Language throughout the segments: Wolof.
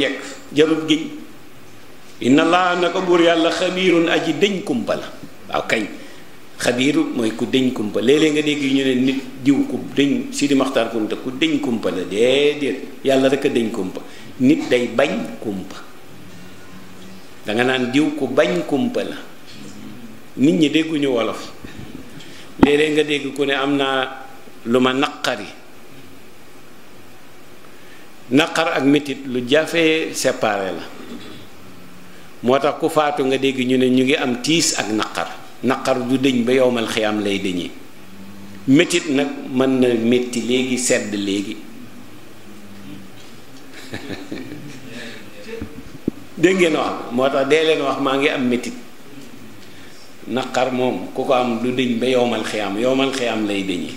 jekk jarul giñ inna na naka buur yàlla xabiirun aji dëñ kumpa la waaw kañ xabiiru mooy ku dëñ kumpa léeg nga dégg ñu ne nit diw ku dëñ Sidi Maxtaar Kunta ku dëñ kumpa la déedéet yàlla rek a dëñ kumpa nit day bañ kumpa danga naan diw ku bañ kumpa la nit ñi dégguñu wolof léeg nga dégg ku ne am naa lu ma naqari naqar ak metit lu jafe séparé la moo tax ku faatu nga dégg ñu ne ñu ngi am tiis ak naqar naqar du dëñ ba yowmal xiyaam lay dëñee métit nag mën na métti léegi sedd léegi dégg ngeen moo tax dee wax maa ngi am métit naqar moom ku ko am du dëñ ba yowmal xiyaam yowmal xiyaam lay dëñee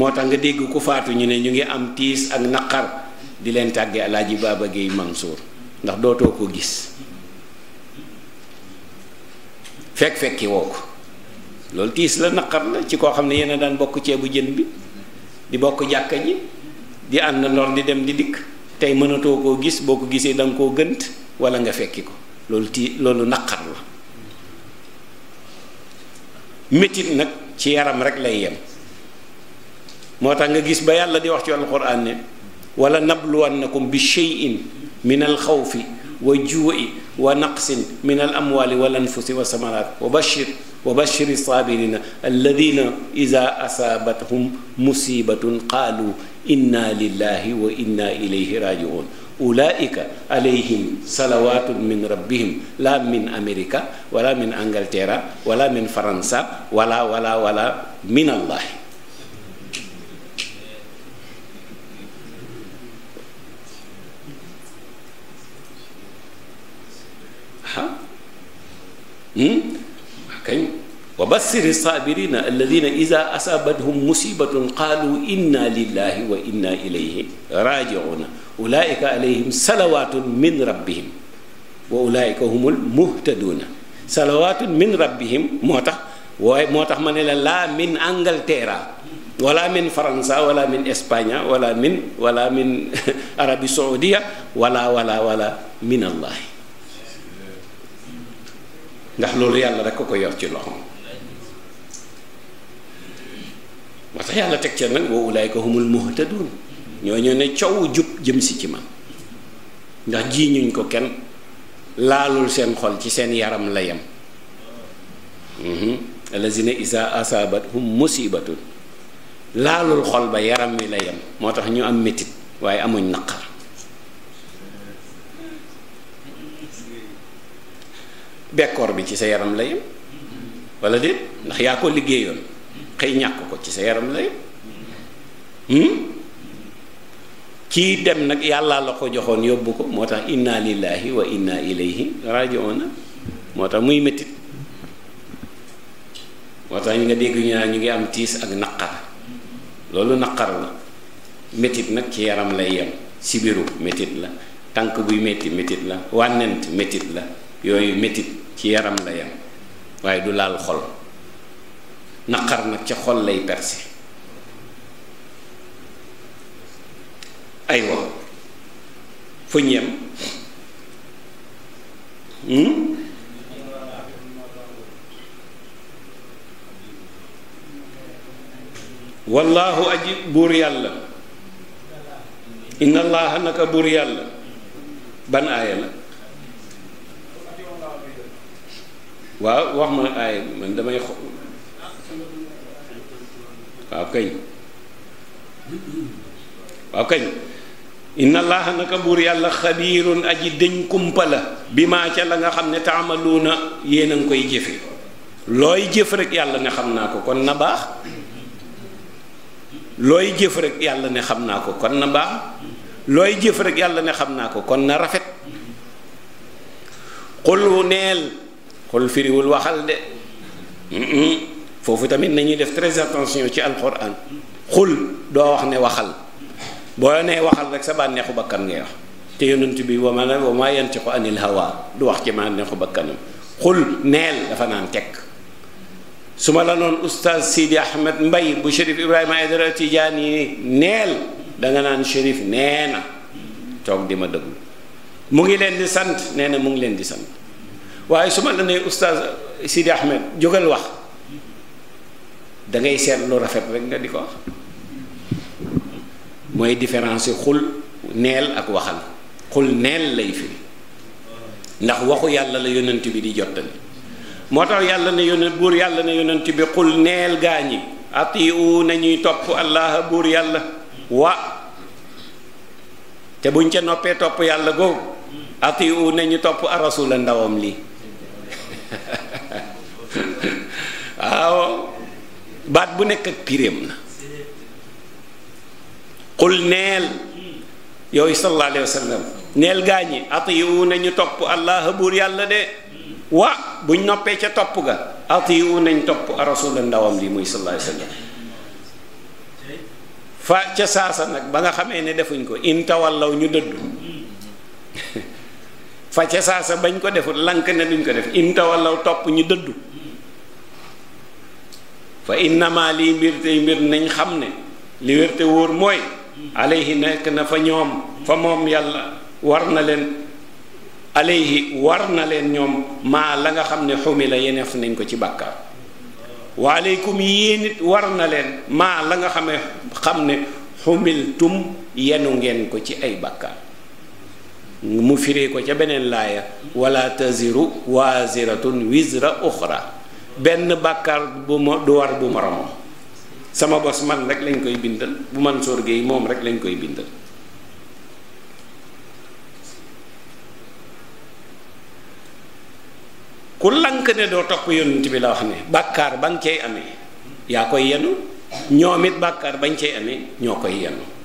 moo tax nga dégg ku faatu ñu ne ñu ngi am tiis ak naqar di leen tàggee alaaji Baaba Géey Mansour ndax dootoo ko gis fekk fekki woo ko loolu tiis la naqar la ci koo xam ne yéen daan bokk ceebu jën bi di bokk jàkka ñi di ànd ndor di dem di dikk tey mënatoo koo gis boo ko gisee da koo gënt wala nga fekki ko loolu tii loolu naqar la métit nag ci yaram rek lay yem moo tax nga gis ba yàlla di wax ci alxuraan ne wala nabluwannakum bi shay'in min al xawfi wa juu'i wa naqsin min al amwaali wal anfusi wa samaraat wa bashir wa bashiri saabirina alladina ida asaabathum musibatun qaalu inna lillahi wa inna ilayhi rajiun ulaika alayhim salawatun min rabbihim la min amerika wala min angleterra wala min faransa wala wala wala min allahi ah kañ wa bassiri saabirina alladina ida asaabathum musibatun qaalu inna lillahi wa inna ilayhi rajiuna ulaika alayhim salawatun min rabbihim wa ulaika humul muhtaduuna salawatun min rabbihim moo tax waaye moo tax ma ne la laa min Angleterre wala min faransa wala min Espagne wala min wala min Arabie Saoudia wala wala wala min allah ndax loolu yàlla rek ko ko yor ci loxoom moo tax yàlla teg ca nag wa ulaayka humul muhtadun ñoo ñoo ne coow jub jëm si ci man ndax ji ñuñ ko kenn laalul seen xol ci seen yaram la yem mhm. allazina isa asabat hum musibatun laalul xol ba yaram wi la yem moo tax ñu am metit waaye amuñ naqar bekkoor bi ci sa yaram la yem wala de ndax yaa ko liggéeyoon xëy ñàkk ko ci sa yaram la yem hmm? kii dem nag yàllaa la ko joxoon yóbbu ko moo tax inna lillahi wa inna ilayhi raji'un moo tax muy méttit moo tax ñu nga dégg ñu naan ñu ngi am tiis ak naqar loolu naqar la métit nag ci yaram lay yem sibiru métit la tànk buy métti métit la wànnent métit la yooyu métit ci yaram la yem waaye du laal xol naqar nag ca xol lay perse aywa fu ñu yem hmm? wallaahu aji buur yàlla inna allaha naka buur yàlla ban aaya la waaw wax ma aaya bi man damay xo waaw kañ waaw kañ inna allaha naka buur yàlla xabiirun aji dëñ kumpa la bi maa ca la nga xam ne taamaluuna yéen a ngi koy jëfe looy jëf rek yàlla ne xam naa ko kon na baax looy jëf rek yàlla ne xam naa ko kon na baax looy jëf yàlla ne xam naa ko kon na rafet xulu neel xol firiwul waxal de foofu tamit nañuy def très attention ci alquran xul doo wax ne waxal boo nee waxal rek sa bànneexu bakkan ngay te yonent bi wa ma wa ma yantiqu anil hawa du wax ci bànneexu bakkanam xul neel dafa naan tekk su ma la noon oustaz Sidi Ahmed Mbay bu Chérif Ibrahima Aïdara Tidiane neel danga nga naan Chérif nee na toog di ma déglu mu ngi leen di sant nee na mu ngi leen di sant waaye su ma la nee oustaz Sidi Ahmed jógal wax dangay seet lu rafet rek nga di ko wax mooy différence xul neel ak waxal xul neel lay firi ndax waxu yàlla la yonent bi di jottali moo tax yàlla na yonent buur yàlla na yonent bi xul neel gaa ñi atiu nañuy topp allah buur yàlla wa te buñ ca noppee topp yàlla googu atiu nañu topp arasula ndawam lii waaw baat bu nekk ak piréem na xul neel yooyu sallallahu alayhi wa sallam neel gaañi atiyu nañu topp allah buur yàlla de wa buñ noppee ca topp ga atiyu nañ topp rasula ndawam li muy sallallahu alayhi fa ca saasa nag ba nga xamee ne defuñ ko in tawallaw ñu dëddu fa ca saa sa bañ ko deful lank na duñ ko def in tawallaw topp ñu dëddu fa innama lii mbir tey mbir nañ xam ne li wér te wóor mooy alayhi nekk na fa ñoom fa moom yàlla war na leen alayhi war na leen ñoom maa la nga xam ne xumi la yeneef nañ ko ci bàkkaar wa aleykum yéen war na leen maa la nga xamee xam ne xumiltum yenu ngeen ko ci ay bàkkaar mu firi ko ca beneen laaya wala taziru waziratun wizra uxra benn bàkkaar du war bu moromam sama bos man rek lañ koy bindal bu man sorge yi moom rek lañ koy bindal ku lank ne doo topp yonent bi la wax ne bàkkaar baŋ nga cay amee yaa koy yenu ñoom it bàkkaar bañ cay amee ñoo koy yenu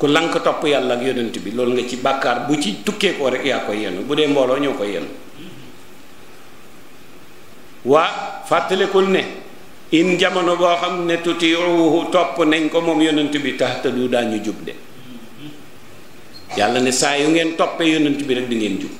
ku lank topp yàlla ak yonent bi loolu nga ci bàkkaar bu ci tukkee koo rek yaa koy yenu bu dee mbooloo ñoo koy yenu waa fàttalikul ne in jamono boo xam ne tutiuhu topp nañ ko moom yonent bi tahtadu daañu jub de yàlla ne saa yu ngeen toppee yonent bi rek di ngeen jub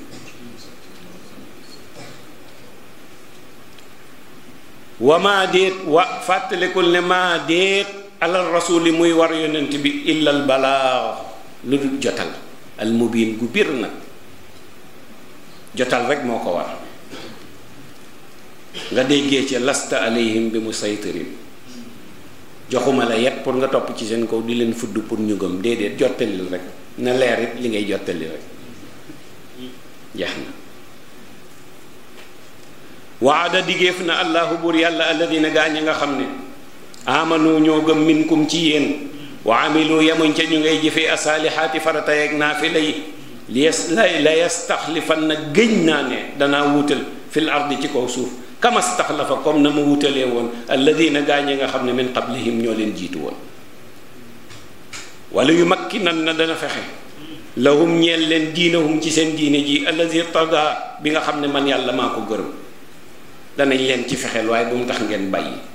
wa maa déet wa fàttalikul ne maa déet alal rasuli muy war yonent bi illal balaa lu dul jotal al mubiin gu biir nag jotal rek moo ko war nga déggee ci lasta alayhim bi mu saytirin joxuma la yet pour nga topp ci seen kaw di leen fudd pour ñu gëm déedéet jottalil rek na leer it li ngay jottali rek jeex na waada digéef na allahu buur yàlla alladina gaañ a nga xam ne amanu ñoo gëm minkum ci yéen waa amilu yamuñ ca ñu ngay jëfee asaalihaati farata yeeg naafila yi li la yastaxlifan na gëñ naa ne danaa wuutal fil ardi ci kaw suuf kama staxlafa comme na mu wutalee woon alladina gaañe nga xam ne min qablihim ñoo leen jiitu woon wala yu makki nan na dana fexe lahum ñeel leen diinahum ci seen diine ji allazi tada bi nga xam ne man yàlla maa ko gërëm danañ leen ci fexeel waaye bu mu tax ngeen bàyyi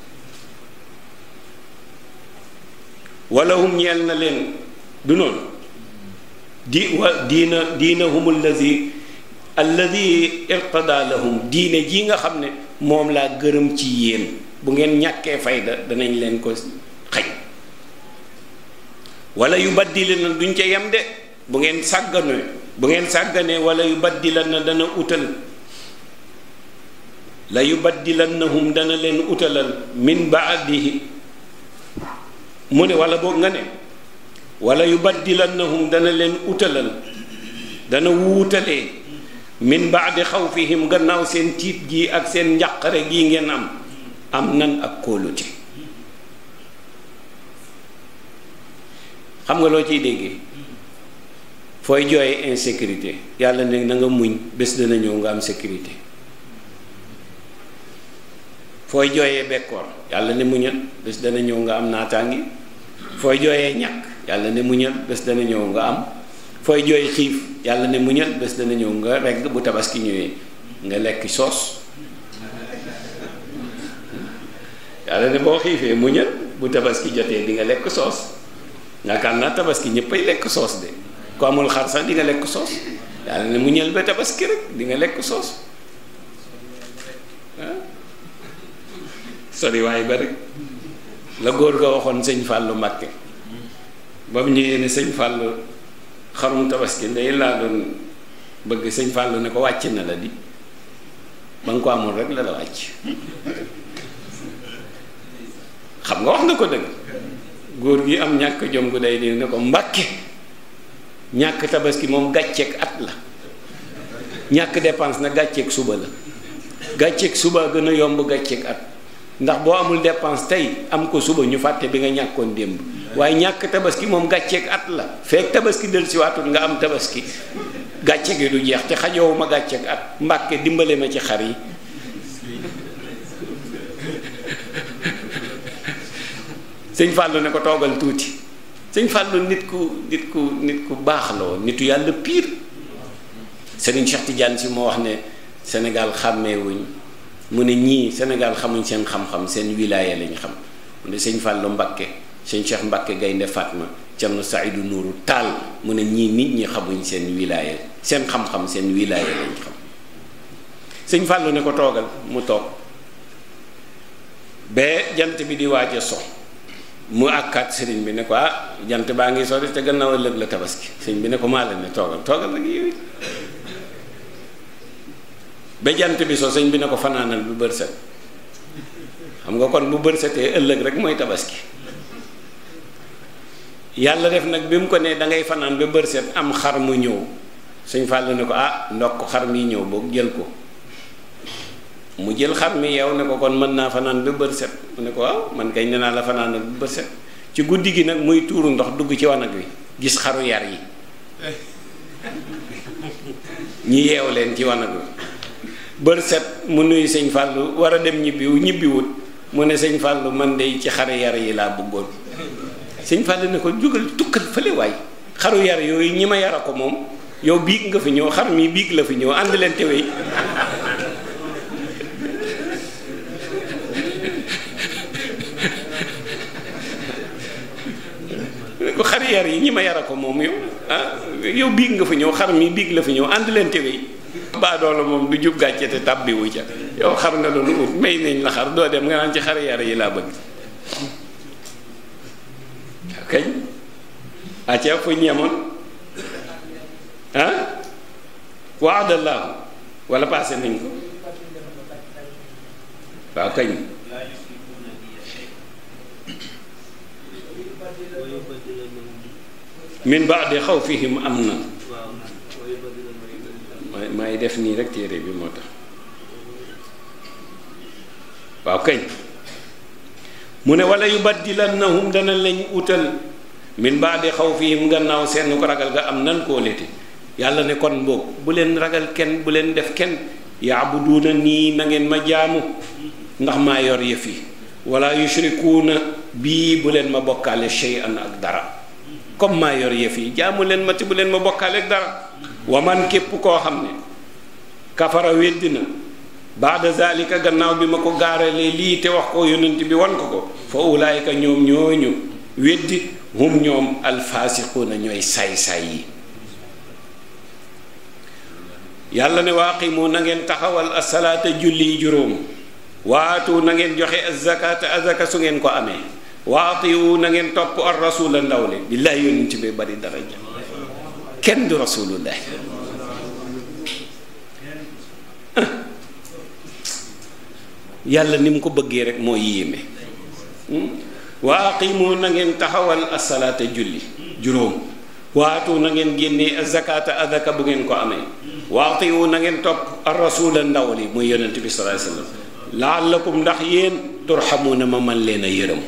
wala hum ñeel na leen du noonu di wa diina diinahum allazi allazi irtada lahum diine jii nga xam ne moom laa gërëm ci yéen bu ngeen ñàkkee fayda danañ leen ko xañ wala yu baddile na duñ ca yem de bu ngeen sàgganee bu ngeen sàgganee wala yu baddila na dana utal la yubaddilannahum dana leen utalal min baadihi mu ne wala boog nga ne walla yu di wala yubaddilannahum dana leen utalal dana wuutalee min baadi xawfihim gannaaw seen tiit gi ak seen njàqare gi ngeen am am nan ak kóolute xam nga loo ciy déggee fooy jooyee insécurité yàlla ne na nga muñ bés dana ñëw nga am sécurité fooy jooyee bekkoor yàlla ne muñal bés dana ñëw nga am naataangi fooy jooyee ñàkk yàlla ne muñal bés dana ñëw nga am fooy jooy xiif yàlla ne muñal bés dana ñëw nga regg bu tabaski ñëwee nga lekk soos yàlla ne boo xiifee muñal bu tabaski jotee di nga lekk soos yaakaar naa tabaski ñëppay lekk soos de ku amul xar sax di lekk soos yàlla ne muñal ba tabaski rek di nga lekk soos soriwaay ba rek la góor ga waxoon sëñ Fàllu Mbàkke ba mu ñëwee ne sëñ Fàllu xarum tabaski ndey laa doon bëgg sëñ Fàllu ne ko wàcc na la di ba nga ko amul rek la la wàcc xam nga wax na ko dëgg góor gi am ñàkk jom day di ne ko Mbàkke ñàkk tabaski moom gàcceek at la ñàkk dépense na gàcceek suba la gàcceeg suba gën a yomb gàcceek at ndax boo amul dépense tey am ko suba ñu fàtte bi nga ñàkkoon démb waaye ñàkk tabaski moom gàcceeg at la feek tabaski del si waatul nga am tabaski gàcce gi du jeex te xajoowu ma gàcceeg at mbàkke dimbalee ma ci xar yi sëñ Fallou ne ko toogal tuuti sëñ Fallou nit ku nit ku nit ku baax la woon nitu yàlla piir Serigne Cheikh Tidiane si moo wax ne Sénégal xàmmeewuñ mu ne ñii senegal xamuñ seen xam-xam seen wilaya lañ xam mu ne sëñ Fallou Mbakke sëñ Cheikh Mbakke Gaynde Fatma Cerno Saïdu Nuuru Taal mu ne ñii nit ñi xamuñ seen wilaya seen xam-xam seen wilaya lañ xam sëñ Fallou ne ko toogal mu toog ba jant bi di waaj a so mu àkkaat sëriñ bi ne ko ah jant baa ngi sori te gannaaw ëllëg la tabaski sëñ bi ne ko maa la ne toogal toogal rek yow bejant bi soo sëñ bi ne ko fanaanal bu bër set xam nga kon bu bër ëllëg rek mooy tabaski yàlla def nag bi mu ko nee da ngay fanaan ba bër set am xar mu ñëw sëñ Fall ne ko ah ndokk xar mi ñëw boog jël ko mu jël xar mi yow ne ko kon mën naa fanaan ba bër mu ne ko waaw man kay nee naa la fanaanal bu bër ci guddi gi nag muy tuuru ndox dugg ci wanag wi gis xaru yar yi ñi yeew leen ci wanag wi bër set mu nuyu sëñ Fallou war a dem ñibbiwu ñibbiwut mu ne sëñ Fallou man de ci xaru yar yi laa bëggoon sëñ Fallou ne ko jógal tukkal fële waay xaru yar yooyu ñi ma yara moom yow biig nga fi ñëw xar mi biig la fi ñëw ànd leen te wey yar yi ñi ma yara ko moom yow ah, yow biig nga fi ñëw xar mii biig la fi ñëw ànd leen te wey baadoola moom du jub gàcce te tàbbi ca yow xar nga doon ut may nañ la xar doo dem nga naan ci xar yi laa bëgg kañ acca fu ñeemoon ah waadallaahu wala paase nañ ko waaw kañ min baadi xawfihim am na may may def nii rek téere bi moo tax waaw kañ mu ne wala yubaddilannahum dana lañ utal min baadi xawfihim gannaaw seen ko ragal nga am nan koo leti yàlla ne kon mboog bu leen ragal kenn bu leen def kenn yaabuduuna nii nangeen ma jaamu ndax maa yor yëf yi wala yushrikuuna bii bu leen ma bokkaale shay'an ak dara comme maa yor yëf yi jaamu leen ma ci bu leen ma bokkaale ak dara wa man képp koo xam ne kafara weddi na baada zalika gannaaw bi ma ko gaaralee lii te wax ko yonent bi wan ko ko fa ulaayika ñoom ñooñu weddi hum ñoom na ñooy saay-saay yi yàlla ne waaqimu na ngeen taxawal asalaata julli juróom waatu na ngeen joxe azakata azaka su ngeen ko amee waatiwu na ngeen topp ar ndaw le billaahi yonent bi bari daraja kenn du rasulullah yàlla ni mu ko bëggee rek moo yéeme wa aqimu na ngeen taxawal asalaata julli juróom waatu na ngeen génnee azakaata azaka bu ngeen ko amee waatiwu na ngeen topp arrasula ndaw li muy yonent bi sallallahu alayhi wasallam laallakum ndax yéen turxamuuna ma man leen a yërëm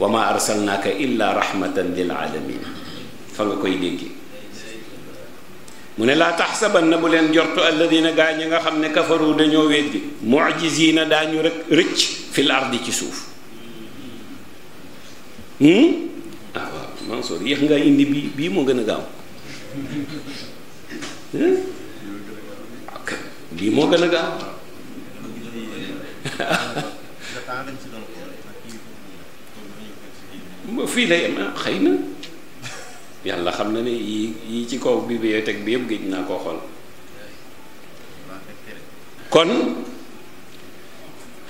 wa ma arsalnaaka illa rahmatan lil alamin fa nga koy déggi mu ne laa na bu leen jortu alladina gaa ñi nga xam ne kafaru dañoo weddi mujisina daañu rek rëcc fil ardi ci suuf hmm? ah waaw Mansour yéex nga indi bii bii moo gën a gaaw hmm? bii moo gën a gaaw fii lay am ah, xëy na yàlla xam na ne yi yi ci kaw teg bi yëpp géej naa koo xool kon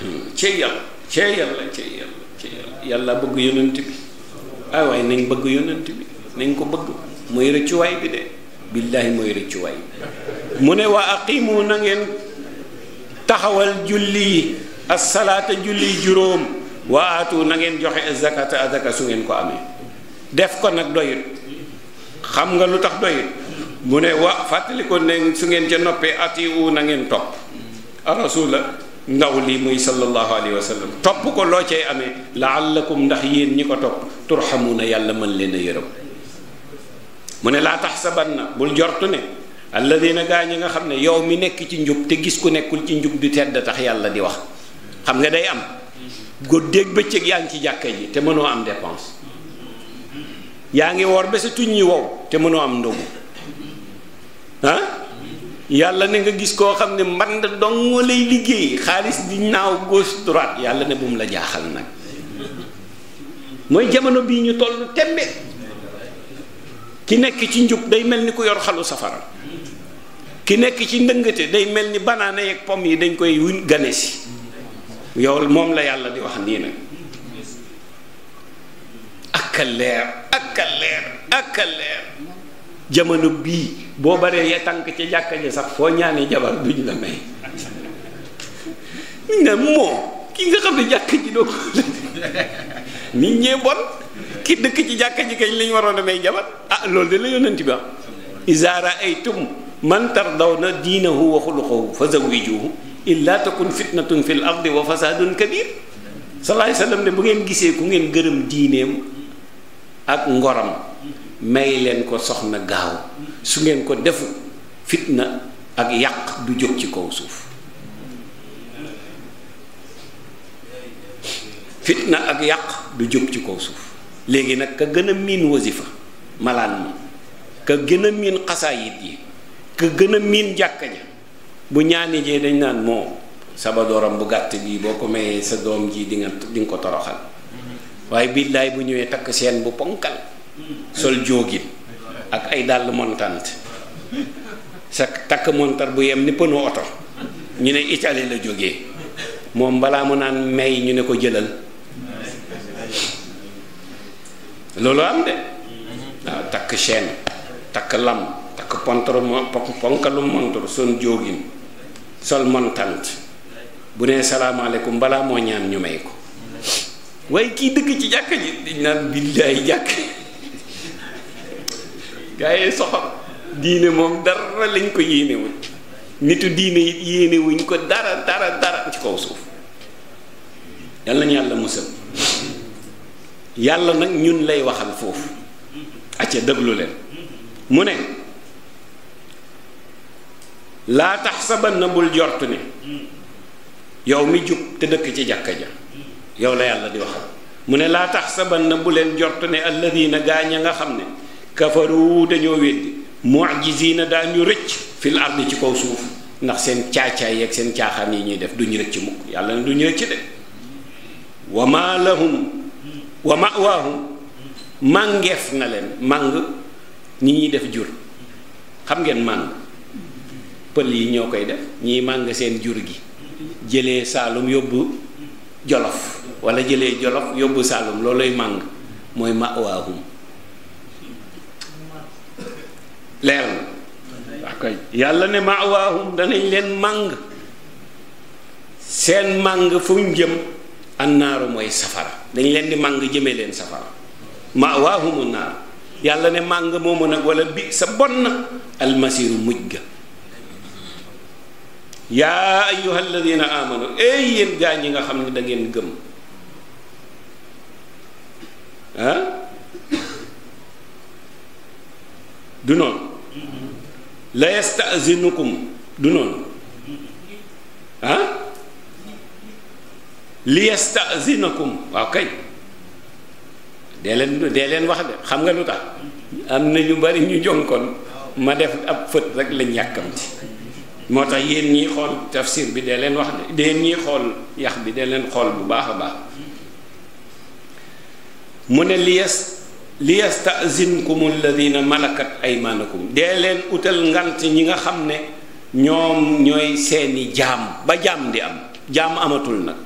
hmm, cey yàlla cey yàlla cey yàlla yàlla bëgg yonent bi ah waaye nañ bëgg yonent bi nañ ko bëgg mooy rëccuwaay bi de billaahi mooy rëccuwaay bi mu ne waa aqimu na ngeen taxawal julli yi assalaata julli juróom waa nangeen joxe zakata azaka su ngeen ko amee def ko nag doyut xam nga lu tax doyut mu ne wa fàttali ko ne su ngeen ca noppee atiu na ngeen topp arasula ndaw lii muy sallallahu alayhi wa sallam topp ko loo cee amee la laallakum ndax yéen ñi ko topp turxamuuna yàlla mën leen a yërëm mu ne laa tax taxsabanna bul jortu ne alladina gaa ñi nga xam ne yow mi nekk ci njub te gis ku nekkul ci njub du tedd tax yàlla di wax xam nga day am. guddeeg bëccëg yaa ngi ci jàkka ji te mënoo am dépense yaa ngi woor ba sa tuñ ñi wow te mënoo am ndogu ah yàlla ne nga gis koo xam ne mband dong lay liggéey xaalis di naaw gauche droite yàlla ne bu mu la jaaxal nag mooy jamono bii ñu toll tembe ki nekk ci njub day mel ni ku yor xalu safara ki nekk ci ndëngate day mel ni banaana yeeg pom yi dañ koy gane si yow moom la yàlla di wax nii nag ak leer ak a leer jamono bii boo baree ya tànk ca jàkka ja sax foo ñaanee jabar duñ la may ne moo ki nga xam ne jàkka ji doo ko nit ñee bon ki dëkk ci jàkka ji kañ lañ waroon a may jabar ah loolu de la yonent bi am izaa raaytum man tardawna diinahu wa xuluqahu fa zawwijuhu illa takun fitnatun fil ardi wa fasadun kabir salaay sallam ne bu ngeen gisee ku ngeen gërëm diineem ak ngoram may leen ko soxna gaaw su ngeen ko defu fitna ak yàq du jóg ci kaw suuf fitna ak yàq du jóg ci kaw suuf léegi nag ka gën a miin wasifa malaan ma ka gën a miin xasaayit yi ka gën a miin jàkka ja bu ñaani jee dañ naan moo sabadoram bu gàtt bii boo ko mayee sa doom ji di nga ko toroxal waaye billaay bu ñëwee takk seen bu ponkal sol jóogin ak ay dàll montant sa takk montar bu yem ni pënu oto ñu ne itali la jógee moom balaa mu naan may ñu ne ko jëlal loolu am de waaw takk chaîne takk lam takk pontor ponkalu montor son jóogin sol montant bu nee salaamaaleykum balaa moo ñaan ñu may ko waaye kii dëkk ci jàkk ji dañ naan billaay jàkk gaa yi soxor diine moom dara lañ ko yéenewuñ nitu diine yéenewuñ ko dara dara dara ci kaw suuf yàlla na yàlla musal nag ñun lay waxal foofu acca déglu leen mu ne laa tax saban na bul jortu ne yow mi jub te dëkk ci jàkka ja yow la yàlla di waxal mu ne laa tax saban na bu leen jort ne alladina gaañ a nga xam ne kafaru dañoo weddi mujisina daañu rëcc fil ardi ci kaw suuf ndax seen caacaay yeeg seen caaxaan yi ñuy def duñu rëcc mukk yàlla ne duñu rëcc de wa ma màngeef na leen màng ñi def jur xam ngeen màng pël yi ñoo koy def ñiy màng seen jur gi jëlee saalum yóbbu jolof wala jëlee jolof yóbbu saalum looluy màng mooy mawaahum leer na wax yàlla ne mawaahum danañ leen màng seen màng fu ñu jëm annaaru mooy safara dañ leen di màng jëme leen safara mawahumu naar yàlla ne màng moomu nag walla bi sa bon na almasiru mujj ga yaa ayyuha alladina amanu ey yéen gaa ñi nga xam ne dangeen ngeen gëm ah du noonu la yastazinukum du noonu ah li yastazinakum waaw kay dee leen dee leen wax de xam nga lu tax am na ñu bari ñu jonkoon ma def ab fët rek lañ yàkkamti moo tax yéen ñiy xool tafsir bi dee leen wax de yéen ñiy xool yax bi dee leen xool bu baax a baax mu ne li yas li yastazinkum alladina malakat aymaanakum dee leen utal ngant ñi nga xam ne ñoom ñooy seeni jaam ba jaam di am jaam amatul nag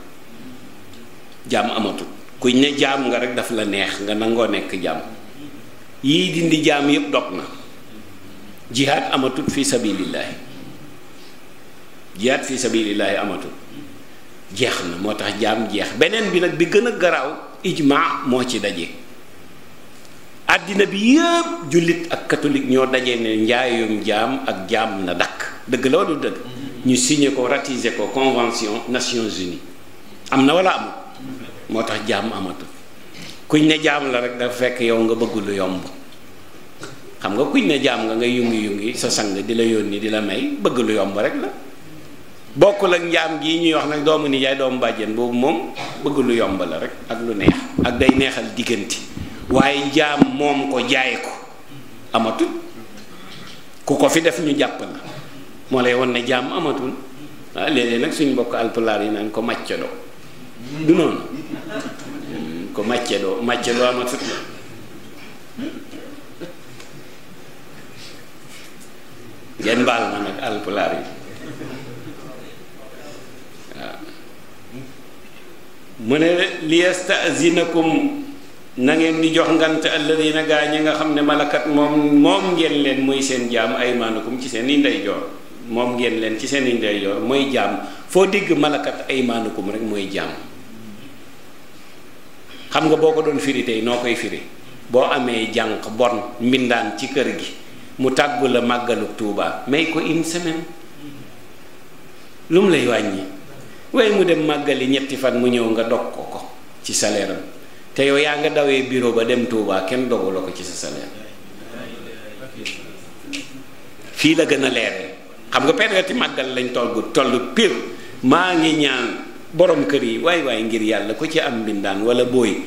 jaam amatul kuñ ne jaam nga rek daf la neex nga nangoo nekk jaam yii dindi jaam yépp dog na jihaad amatul fi sabilillahi jihaad fi sabilillahi amatul jeex na moo tax jaam jeex beneen bi nag bi gën a garaaw ijma moo ci daje àddina bi yëpp jullit ak katolik ñoo daje ne njaayum jaam ak jaam na dakk dëgg loolu dëgg ñu signé ko ratise ko convention Nations uni am na wala amul moo tax jaam amatu kuñ ne jaam la rek dafa fekk yow nga bëgg lu yomb xam nga kuñ ne jaam nga nga yungi yungi sa sang di la yónni di la may bëgg lu yomb rek la bokkul ak njaam gii ñuy wax nag doomu nijaay doomu bàjjen boobu moom bëgg lu yomb la rek ak lu neex ak day neexal diggante waaye njaam moom ko jaay ko amatul ku ko fi def ñu jàpp na moo lay won ne jaam amatul ah nag suñu mbokk alpulaar yi naan ko màcce doo hmm, ko màcce doo màcce doo la ngeen baal ma nag alpulaar yi mu ne liyastazinakum na ngeen di jox ngant alladina gaa ñi nga xam ne malakat moom moom ngeen leen mooy seen jaam aymaanukum ci seen i ndeyjoor moom ngeen leen ci seen i ndeyjoor mooy jaam foo digg malakat ay aymaanukum rek mooy jaam xam nga boo ko doon firi tey noo koy firi boo amee jànq bon mbindaan ci kër gi mu tàggula la màggalu tuubaa may ko une semaine lu mu lay wàññi waaye mu dem màggali ñetti fan mu ñëw nga dog ko ko ci salaire am te yow yaa nga dawee biro ba dem Touba kenn dogu la ko ci sa fii la gën a leere xam nga période màggal lañ toll tollu pire maa ngi ñaan boroom kër yi waaye waaye ngir yàlla ko ci am mbindaan wala booy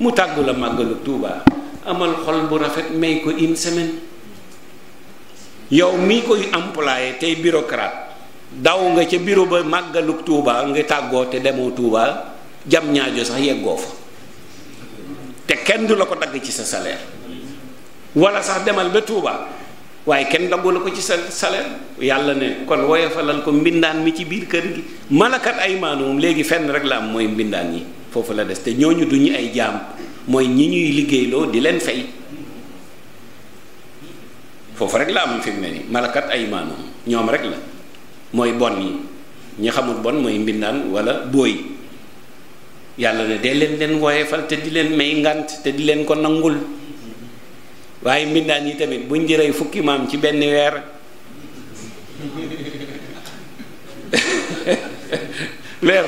mu tàggu la màggalu Touba amal xol bu rafet may ko une semaine yow mii koy employé tey bureaucrate daw nga ca bureau ba màggalug tuubaa nga tàggoo te demoo tuubaa jam ñaajo sax yeggoo fa te kenn du la ko dagg ci sa salaire wala sax demal ba Touba waaye kenn daggu la ko ci sa salaire yàlla ne kon woyofalal ko mbindaan mi ci biir kër gi malakat ay maanoom léegi fenn rek la am mooy mbindaan yi foofu la des te ñooñu du ñu ay jaam mooy ñi ñuy liggéeyloo di leen fay foofu rek la am fi mu ne nii malakat ay maanoom ñoom rek la. mooy bon yi ñi xamul bon mooy mbindaan wala booy yàlla ne dee leen leen woyefal te di leen may ngant te di leen ko nangul waaye mbindaan yi tamit buñ di fukki maam ci benn weer leer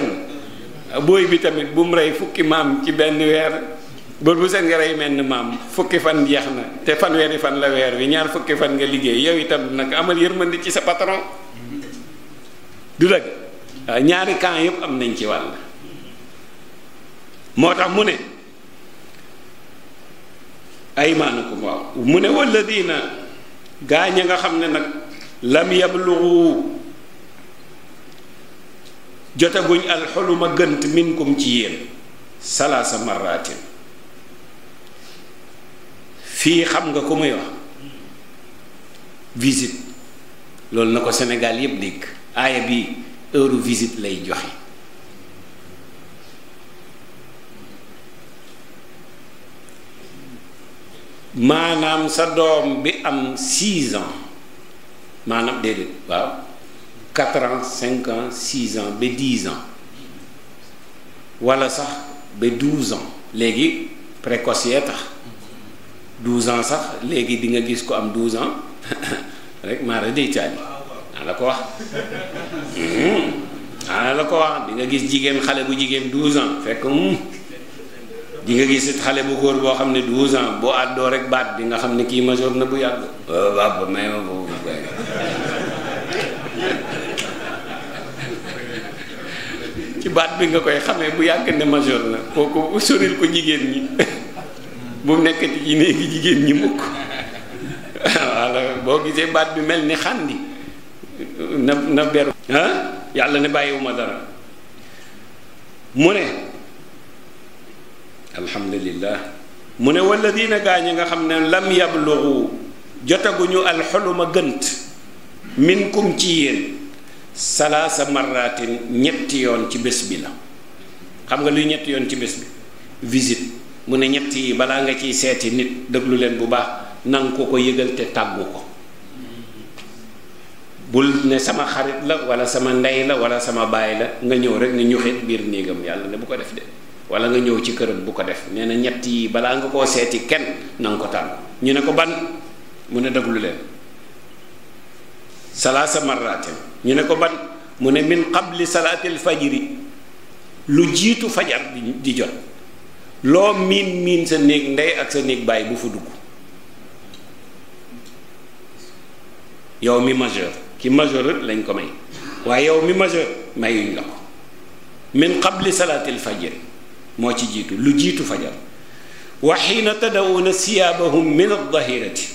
na booy bi tamit bu mu rey fukki maam ci benn weer bër bu seen nga rey menn maam fukki fan jeex na te fan fanweeri fan la weer wi ñaar fukki fan nga liggéey yow itam nag amal yërmandi ci sa patron du dëgg waaw ñaari camp yëpp am nañ ci wàll moo tax mu ne aymaanukum waaw mu ne walladina gaañ a nga xam ne nag lam yablugu jotaguñ alxuluma gënt minkum ci yéen salaasa marratin fii xam nga ku muy wax visite loolu na ko Sénégal yëpp dégg aaya bi heure visite lay joxe maanaam sa doom bi am six ans maanaam de waaw quatre ans cinq ans six ans ba dix ans wala sax ba douze ans léegi précoce yee tax douze ans sax léegi dinga nga gis ko am douze ans rek maara day taali naa la ko wax hmm. naa la ko wax di nga gis jigéen xale bu jigéen 12 ans fekk hmm. di nga gis xale bu góor boo xam ne 12 ans boo àddoo rek baat bi nga xam ne kii major na bu yàgg. Oh, ci baat bi nga koy xame bu yàgg ne major na kooku soril ko jigéen ñi bu nekk ci néegi jigéen ñi mukk waaw boo gisee baat bi mel ni xàndi na na beru ah yàlla ne bàyyiwuma dara mu ne alhamdulillah mu ne wala diina gaa nga xam ne lam yablugu jotaguñu alxuluma gënt minkum ci yéen salaasa marratin ñetti yoon ci bés bi la xam nga luy ñetti yoon ci bés bi visit mu ne ñetti yi balaa nga ciy seeti nit déglu leen bu baax nanga ko ko yëgal tàggu ko bul ne sama xarit la wala sama ndey la wala sama baay la nga ñëw rek ne ñuxit biir néegam yàlla ne bu ko def de wala nga ñëw ci këram bu ko def nee na ñett yi balaa nga koo seeti kenn nanga ko tànn ñu ne ko ban mu ne déglu leen salaasa marratin ñu ne ko ban mu ne min qabli salaatil fajiri lu jiitu fajar di jot loo miin miin sa néeg ndey ak sa néeg baay bu fa dugg yow mi majeur ki majeur lañ ko may waaye yow mi majeur mayuñ la ko min qabli salaatil fajri moo ci jiitu lu jiitu fajar wa xiina tadawuna siyaabahum min aldahirati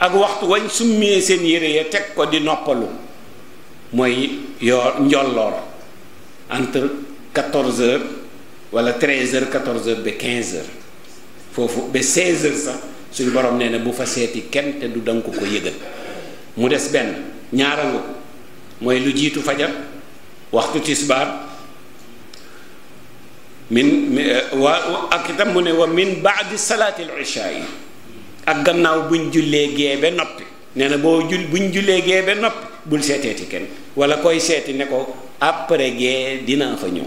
ak waxtu wañ summee seen yére yi teg ko di noppalu mooy yoor njolloor entre 14 heures wala 13 heures 14 heures ba 15 heures foofu ba 16 heures sax suñu borom nee na bu fa seeti kenn te du danga ko ko yëgal mu des benn ñaara nga mooy lu jiitu fajar waxtu tisbaar min eh, wa ak itam mu ne wa min baadi salaatil ishaa yi ak gannaaw buñ jullee gee ba noppi nee na boo jul buñ jullee gee ba noppi bul seeteeti kenn wala koy seeti ne ko après gee dinaa fa ñëw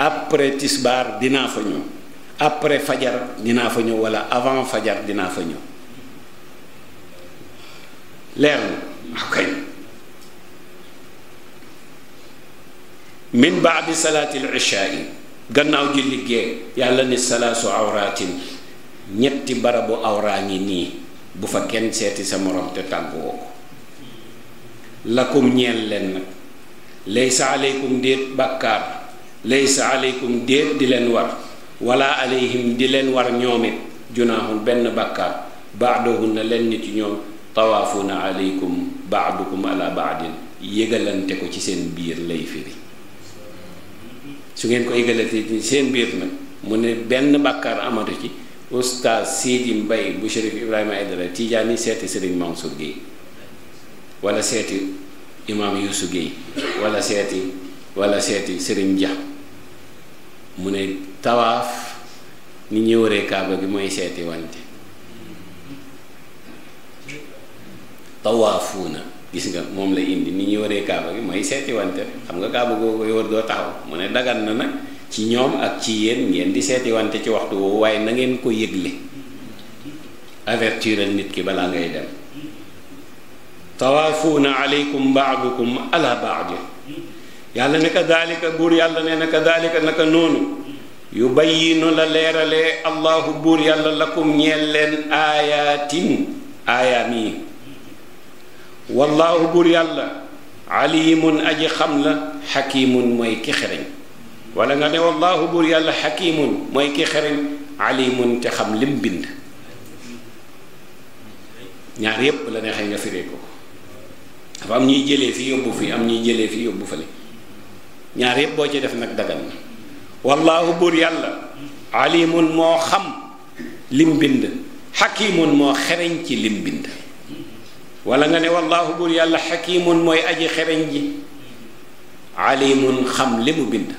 après tisbaar dinaa fa ñëw après fajar dinaa fa ñëw wala avant fajar dinaa fa ñëw leer na akay min baadi salaati al ishaai gannaaw ji liggéey yàlla ni salaasu awraatin ñetti barabu awraa ngi nii bu fa kenn seeti sa moroom te tàgguwoo ko lakum ñeel leen nag laysa aleykum déet bàkkaar laysa aleykum déet di leen war wala aleyhim di leen war ñoomit junaahun benn bàkkaar baadohun na leen ni ci ñoom tawaafuuna aleykum baadukum baax baadin yëgalante ko ci seen biir lay firi su ngeen ko yëgalante ci seen biir nag mu ne benn bàkkaar amatu ci oustaz Sidi Mbay bu Chérif Ibrahima Aidara Tijaani seeti Serigne Mansour Guèye walla seeti Imam Youssou Guèye walla seeti walla seeti Serigne Dia mu ne tawaaf ni ñëwaree kaaba gi mooy seeti wante tawaafuuna gis nga moom la indi ni ñuy waree kaaba gi mooy seeti wante xam nga kaaba goo koy wër doo taxaw mu ne dagan na nag ci ñoom ak ci yéen ngeen di seeti wante ci waxtu woowu waaye na ngeen ko yëgle avertiral nit ki balaa ngay dem tawaafuuna aleykum baadukum ala baadi yàlla ne ka daalika buur yàlla ne na ka daalika naka noonu yu bayyinu la leeralee allahu buur yàlla lakum ñeel leen aayaatin aayaam yi wallaahu buur yàlla alimun aji xam la xakimun mooy ki xereñ wala nga ne wallaahu buur yàlla xakimun mooy ki xereñ alimun te xam lim bind ñaar yépp la neexee nga firee am ñuy jëlee fi yóbbu fi am fi yóbbu fële ñaar yépp boo ci def nag dagan na wallaahu buur yàlla alimun moo xam lim bind xakimun moo xereñ ci lim bind wala nga ne wallaahu buur yàlla xakimun mooy aji xereñ ji alimun xam li mu bind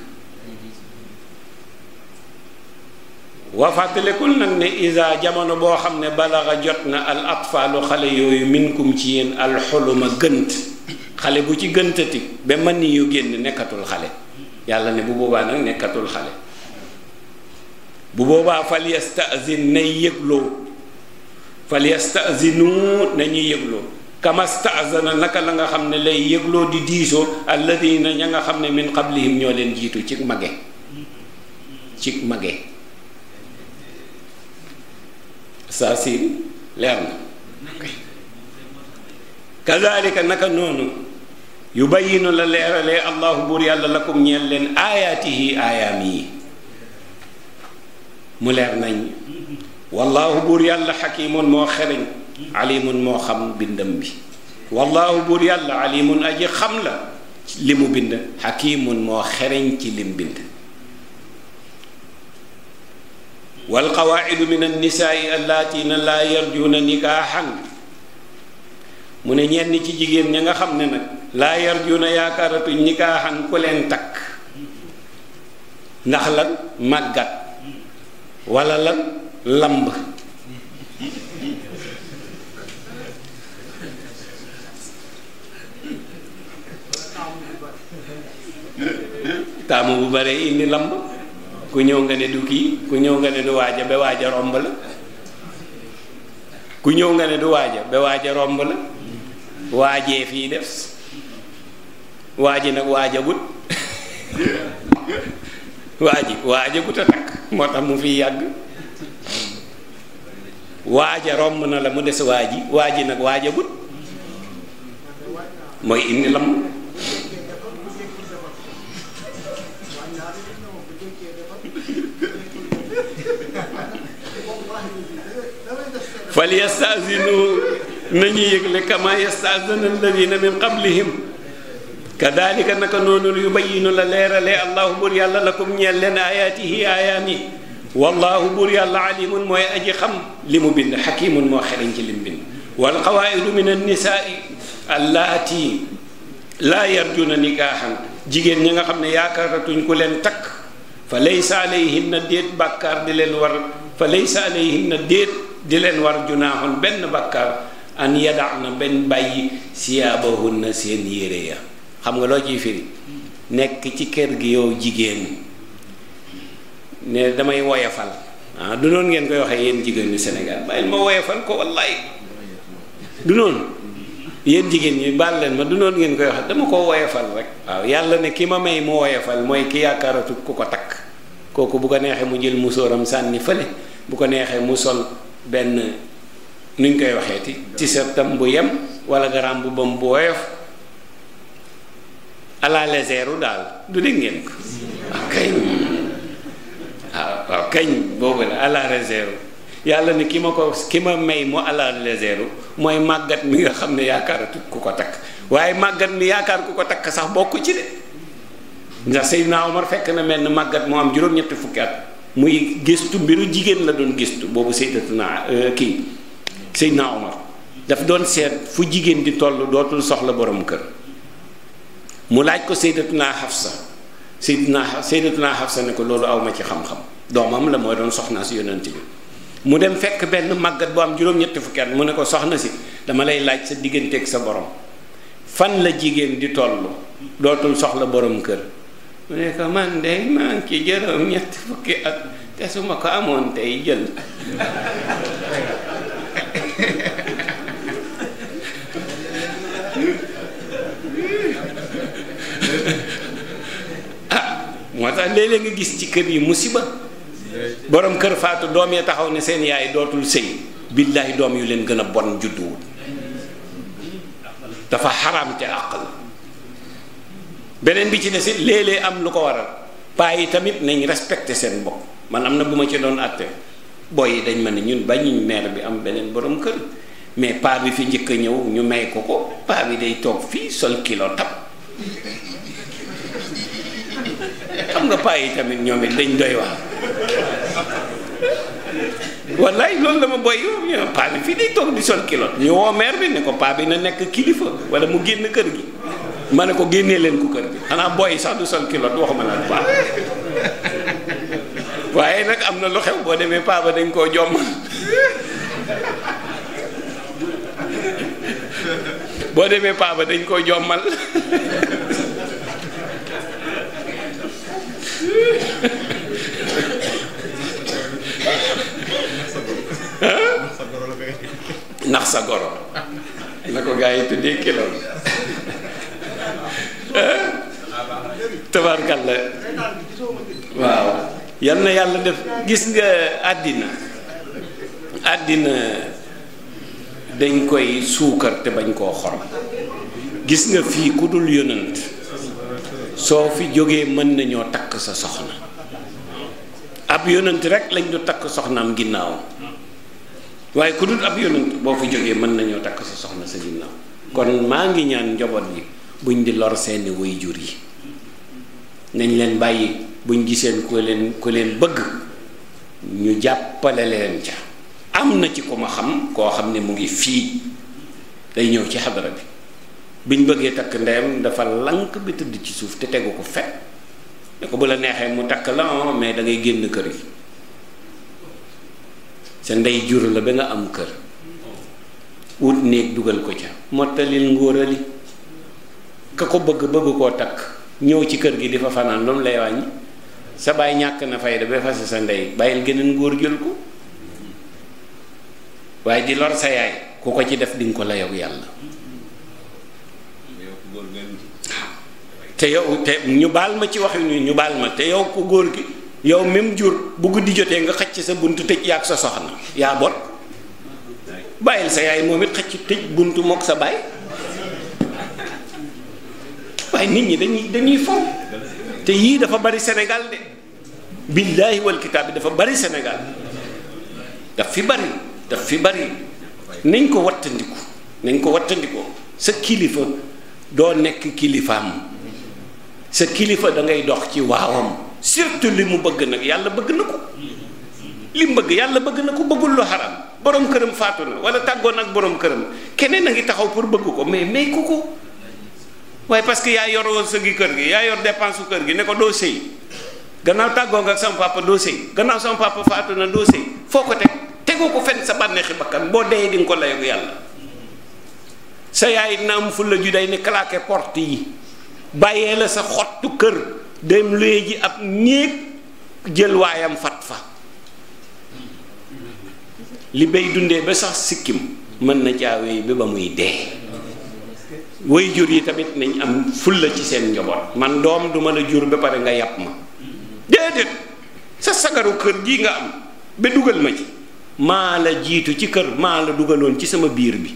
waa fàttalikul nag ne isa jamono boo xam ne balaxa jot na al atfaalu xale yooyu minkum ci yéen al xuluma gënt xale bu ci gëntati ba mën yu génn nekkatul xale yàlla ne bu boobaa nag nekkatul xale bu boobaa fal yastazin nay yëgloo falyastazinu nañuy yégloo kama stazana naka la nga xam ne lay yëgloo di diisoo alladina ña nga xam ne min qablihim ñoo leen jiitu ci mage ci mage saa siin leer na kazalika naka noonu yu bayyinu la leeralee allahu buur yàlla lakum ñeel leen aayaatihi aayaam yi mu leer nañ wallaahu buur yàlla xakimun moo xereñ alimun moo xam bindam bi wallaahu buur yàlla alimun aji xam la li mu bind xakimun moo xereñ ci lim bind walqawaacidu min annisaai allaatina laa yarjuuna nikaaxan mu ne ñenn ci jigéen ña nga xam ne nag laa yarjuuna yaakaaratuñ nikaaxan ku leen takk ndax lan màggat wala lan lamb tamu bu bare indi lamb ku ñëw nga ne du kii ku ñëw nga ne du waaja ba waaja romb la ku ñëw nga ne du waaja ba waaja romb la waajee fii def waaji nag waaja gut waaji waaja gut a takk moo tax mu fi yàgg waaja romb na la mu des waaji waaji nag waaja gut mooy indi lam fal yastazinu nañu yëgle kama yastazina alladina min qablihim kadalika naka noonu yubayinu la leerale allahu bur yàlla lakum ñeel leen ayaatihi aayaam wallaahu buur yàlla alimun mooy aji xam li mu bind xakimun moo xereñ ci li mu bind wal xawaayidu min annisaai allaati laa yarjuna nikaaxan jigéen ñi nga xam ne yaakaaratuñ ku leen takk fa laysa alayhinna déet bàkkaar di leen war fa laysa alayhinna déet di leen war junaaxun benn bàkkaar an yadax na benn bàyyi siyaabahunna seen yére ya xam nga loo ciy firi nekk ci kër gi yow jigéen ne damay woyafal ah, du noonu ngeen koy waxee yéen jigéen ñi senegal bàyyil ma woyafal ko wallaay du noonu yéen jigéen ñi baal leen ma du noonu ngeen koy waxee dama ko woyafal rek waaw yàlla ne ki ma may mu woyafal mooy ki yaakaaratu ku ko takk kooku bu ko neexee mu jël musóoram sànni fële bu ko neexee mu sol benn nuñ koy waxeeti ci shirt bu yem wala garam bu bam bu woyof à la légère daal du dégg ngeen ko. Ah, Ah, waaw kañ boobu la ala réserve yàlla ni ki ma ko ki ma may mu ala réserve mooy màggat mi nga xam ne yaakaaratu ku ko takk waaye màggat mi yaakaar ku ko takk sax bokk ci de ndax Seydina Omar fekk na mel ni màggat moo am juróom-ñetti fukki at muy gëstu mbiru jigéen la doon gëstu boobu Seydatuna euh, kii Seydina Omar daf doon seet fu jigéen di toll dootul soxla borom kër mu laaj ko Seydatuna Hafsa Seydina Seydatuna Xafsa ne ko loolu awma ci xam-xam doomam la mooy doon soxna si yonent bi mu dem fekk benn màggat bu am juróom-ñetti fukki at mu ne ko soxna si dama lay laaj sa digganteeg sa borom fan la jigéen di toll dootul soxla borom kër mu ne ko man de maa ngi te su ko amoon tey jël tax léeg-léeg nga gis ci kër yi musiba boroom kër faatu doom ya taxaw ne seen yaay dootul sëy billaahi doom yu leen gën a bon judduwul dafa xaram te àq la beneen bi ci ne si am lu ko waral paa yi tamit nañ respecté seen bopp man am na bu ma ci doon àtte boy yi dañ ma ne ñun bañuñ meer bi am beneen boroom kër mais paa bi fi njëkk a ñëw ñu may ko ko paa bi day toog fii sol kilo tab xam nga paa yi tamit ñoom it dañ doy wax wallaay loolu la ma boy yow paa bi fii day toog di sol kilot ñu woo maire bi ne ko paa bi na nekk kilifa wala mu génn kër gi ma ne ko génnee leen ko kër gi xanaa boy sax du sol kilot waxuma la paa waaye nag am na lu xew boo demee paa ba dañ koo jomm boo demee paa ba dañ koo jommal nax sa goro la ko gaa yi tuddee kiloon tabarkal la waaw yal na yàlla def gis nga àddina àddina dañ koy suukar te bañ koo xorom gis nga fii ku dul yonant soo fi jógee mën nañoo takk sa soxna ab yonent rek lañ du takk soxnaam ginnaawam waaye ku dul ab yonent boo fi jógee mën nañoo takk sa soxna sa ginnaaw kon maa ngi ñaan njaboot bi buñ di lor seeni way jur yi nañ leen bàyyi buñ giseen ku leen ku leen bëgg ñu jàppale leen ca am na ci ku ma xam koo xam ne mu ngi fii day ñëw ci xadara bi biñ bëggee takk ndeyam dafa lank bi tëdd ci suuf te tegu ko fet ne ko bu la neexee mu takk la ah, mais da ngay génn kër yi sa ndey jur la ba nga am kër wut néeg dugal ko ca mottalil ngóorali ka ko bëgg bëgg koo takk ñëw ci kër gi di fa fanaan loolu lay wàññi sa baay ñàkk na fayda ba fase sa ndey bàyyil geneen ngóor jël ko waaye di lor sa yaay ku ko ci def di nga ko layoog yàlla te yow te ñu baal ma ci wax yu ñu baal ma te yow ku góor gi yow même jur bu guddi jotee nga xëcc sa buntu tëj yaa ak sa soxna yaa bon bàyyil sa yaay moom it xëcc tëj buntu mook sa baay waaye nit ñi dañuy dañuy foog te yii dafa bari Sénégal de billaahi wal kitaab bi dafa bari Sénégal daf fi bari daf fi bari nañ ko wattandiku nañ ko wattandikoo sa kilifa doo nekk kilifaam sa kilifa da ngay dox ci waawam surtout li mu bëgg nag yàlla bëgg na ko li mu bëgg yàlla bëgg na ko bëggul lu xaram borom këram faatu na wala tàggoon ak borom këram keneen a ngi taxaw pour bëgg ko mais may ko ko waaye parce que yaa yoroo sa gi kër gi yaa yor dépense su kër gi ne ko doo sëy gannaaw tàggoo nga ak sama papa doo sëy gannaaw sama papa faatu na doo sëy foo ko teg tegoo ko fenn sa bànneexi bakkan boo dee di ko layoog yàlla sa yaay na fu la ju bàyyee la sa xottu kër dem léegi ji ab néeg jël waayam fat fa li bay dundee ba sax sikkim mën na caawee bi ba muy dee way jur yi tamit nañ am fulla ci seen njaboot man doom duma la jur ba pare nga yàpp ma déedéet sa sagaru kër gi nga am ba dugal ma ci maa la jiitu ci kër maa la dugaloon ci sama biir bi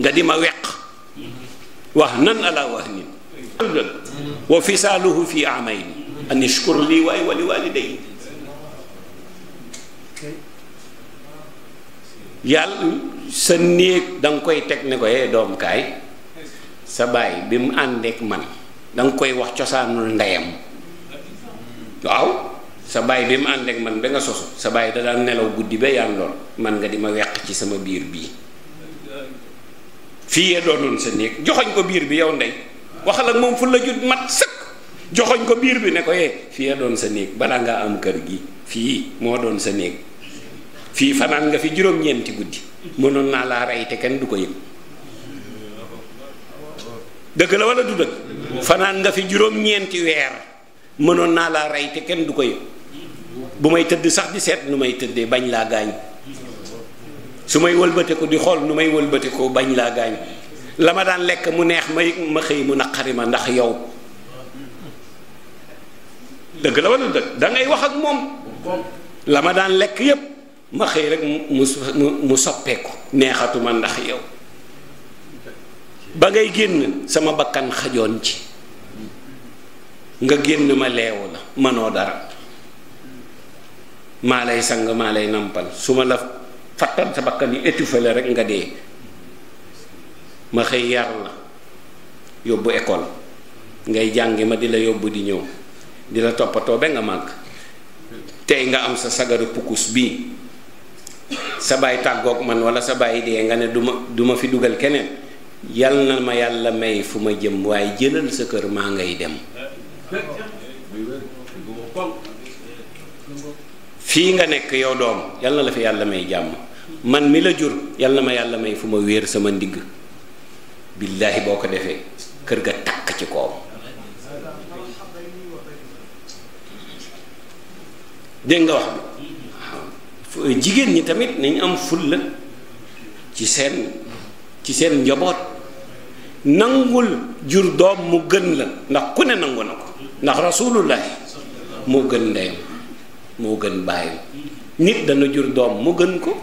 nga di ma weq wax nan laa wax wahnin wa fisaaluhu fi aamayn an ishkur li wa wa li waliday yàlla sa néeg danga koy teg ne ko yee eh, doom sa baay bi mu àndeek man danga koy wax cosaanul ndeyam waaw sa baay bi mu àndeek ak man ba nga sosu sa baay da daan nelaw guddi ba yaan lool man nga di ma weq ci sama biir bii fii yee doonoon sa néeg joxoñ ko biir bi yow ndey waxal ak moom fu la jut mat sëkk joxoñ ko biir bi ne ko yee eh, fii yee doon sa néeg balaa ngaa am kër gi fii moo doon sa néeg fii fanaan nga fi juróom-ñeenti guddi mënoon naa laa rey kenn du ko dëgg la wala du dëgg nga fi juróom-ñeenti weer mënoon naa laa rey te kenn du ko yëg bu may tëdd sax di seet nu may tëddee bañ laa gaañ su may wëlbatiku di xool nu may wëlbatiku bañ laa gaañ la ma daan lekk mu neex may ma xëy mu naqari ma ndax yow dëgg la wala dëgg da wax ak moom la ma daan lekk yépp ma xëy rek mu soppeeku neexatu ma ndax yow ba ngay génn sama bakkan xajoon ci nga génn ma leewu la manoo dara maa lay sang maa lay nàmpal su ma la fattal sa bakkan yi étouffé rek nga dee ma xëy yar la yóbbu école ngay jàngi ma di la yóbbu di ñëw di la toppatoo ba nga màgg tey nga am sa sagaru pukus bii sa baay tàggook man wala sa baay dee nga ne du ma du ma fi dugal keneen yal na ma yàlla may fu ma jëm waaye jëlal sa kër maa ngay dem fii nga nekk yow doom yal na la fi yàlla may jàmm man mi la jur yàlla na ma yàlla may fu ma wéer sama ndigg billaahi boo ko defee kër ga takk ci koom dégg nga wax bi jigéen ñi tamit nañ am fulla ci seen ci seen njaboot nangul jur doom mu gën la ndax ku ne nangu na ko ndax rasulullahi moo gën ndeyam moo gën baayam nit dana jur doom mu gën ko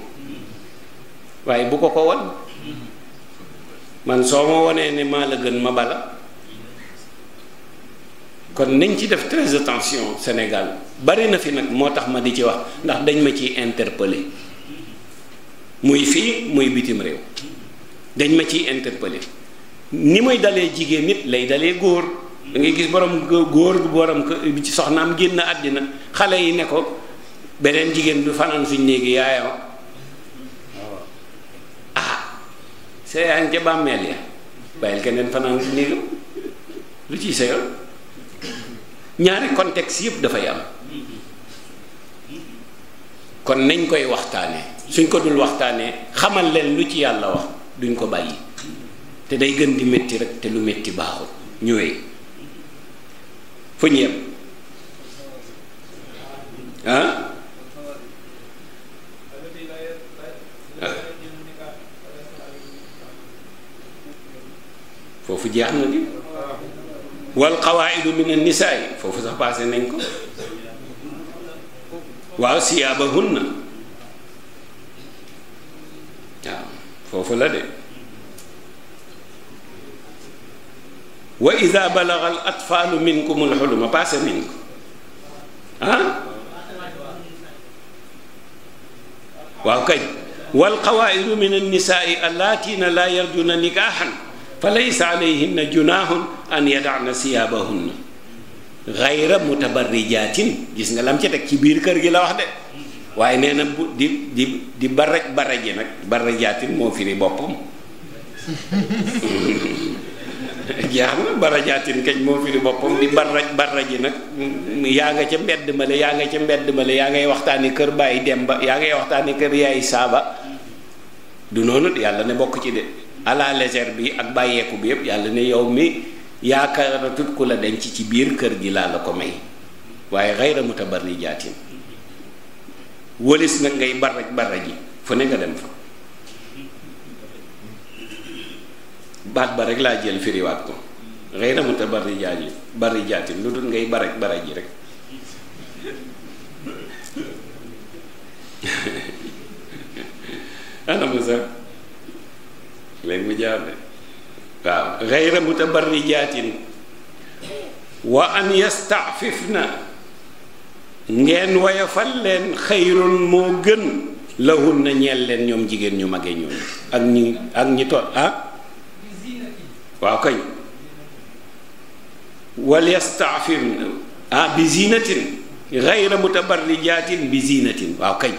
waaye bu ko ko won man soo ma wonee ne maa la gën ma bala kon nañ ci def très attention Sénégal bari na fi nag moo tax ma di ci wax ndax dañ ma ciy interpeller muy fii muy bitim réew dañ ma ciy interpeller ni may dalee jigéen nit lay dalee góor da ngay gis borom góor borom bi ci soxnaam génn àddina xale yi ne ko beneen jigéen du fanaan fiñ léegi yaayam sa yaa ca bàmmeel ya bàyyil keneen fanaan néegam lu ciy sa ñaari contexte yëpp dafay am kon nañ koy waxtaane suñ ko dul waxtaanee xamal leen lu ci yàlla wax duñ ko bàyyi te day gën di métti rek te lu métti baaxul ñëwee fu ñu yem ah foofu jeex na di wal xawaayidu min an nisaay foofu sax passé nañ ko waaw siyaabahunna waaw foofu la de wa ida balaga al atfaalu minkum al xuluma passé nañ ko ah waaw kay wal xawaayidu min an nisaai allaatiina laa yarjuna nikaaxan fa laysa alayhinna junahun an yadana siyaabahunna gayra mutabarrijaatin gis nga lam ci teg ci biir kër gi la wax de waaye nee na bu di di di baraj baraji nag barajaatin moo firi boppam yaa na barajaatin kañ moo firi boppam di baraj baraji nag yaa nga ca mbedd ma la yaa nga ca mbedd yaa ngay waxtaani kër Baay Demba yaa ngay waxtaani kër yaay Saaba du noonu yàlla ne bokk ci de à la bi ak bàyyeeku bi yëpp yàlla ne yow mi yaakaaratut ku la denc ci biir kër gi laa la ko may waaye xayra mutabarrijaatin wëlis nag ngay baraj baraj yi fu ne nga dem fa baat ba rek laa jël firiwaat ko xëy na mu ta bari jaati lu dul ngay baraj baraj ji rek ana sax léegi mu jaar de waaw xayra mutabarrijaatin wa an yastafifna ngeen wayafal leen xayrun moo gën lahun na ñeel leen ñoom jigéen ñu mage ñoom ak ñi ak ñi to ah? waaw kañ wal yastafifna ah bi zinatin xayra mutabarrijaatin bi zinatin waaw kañ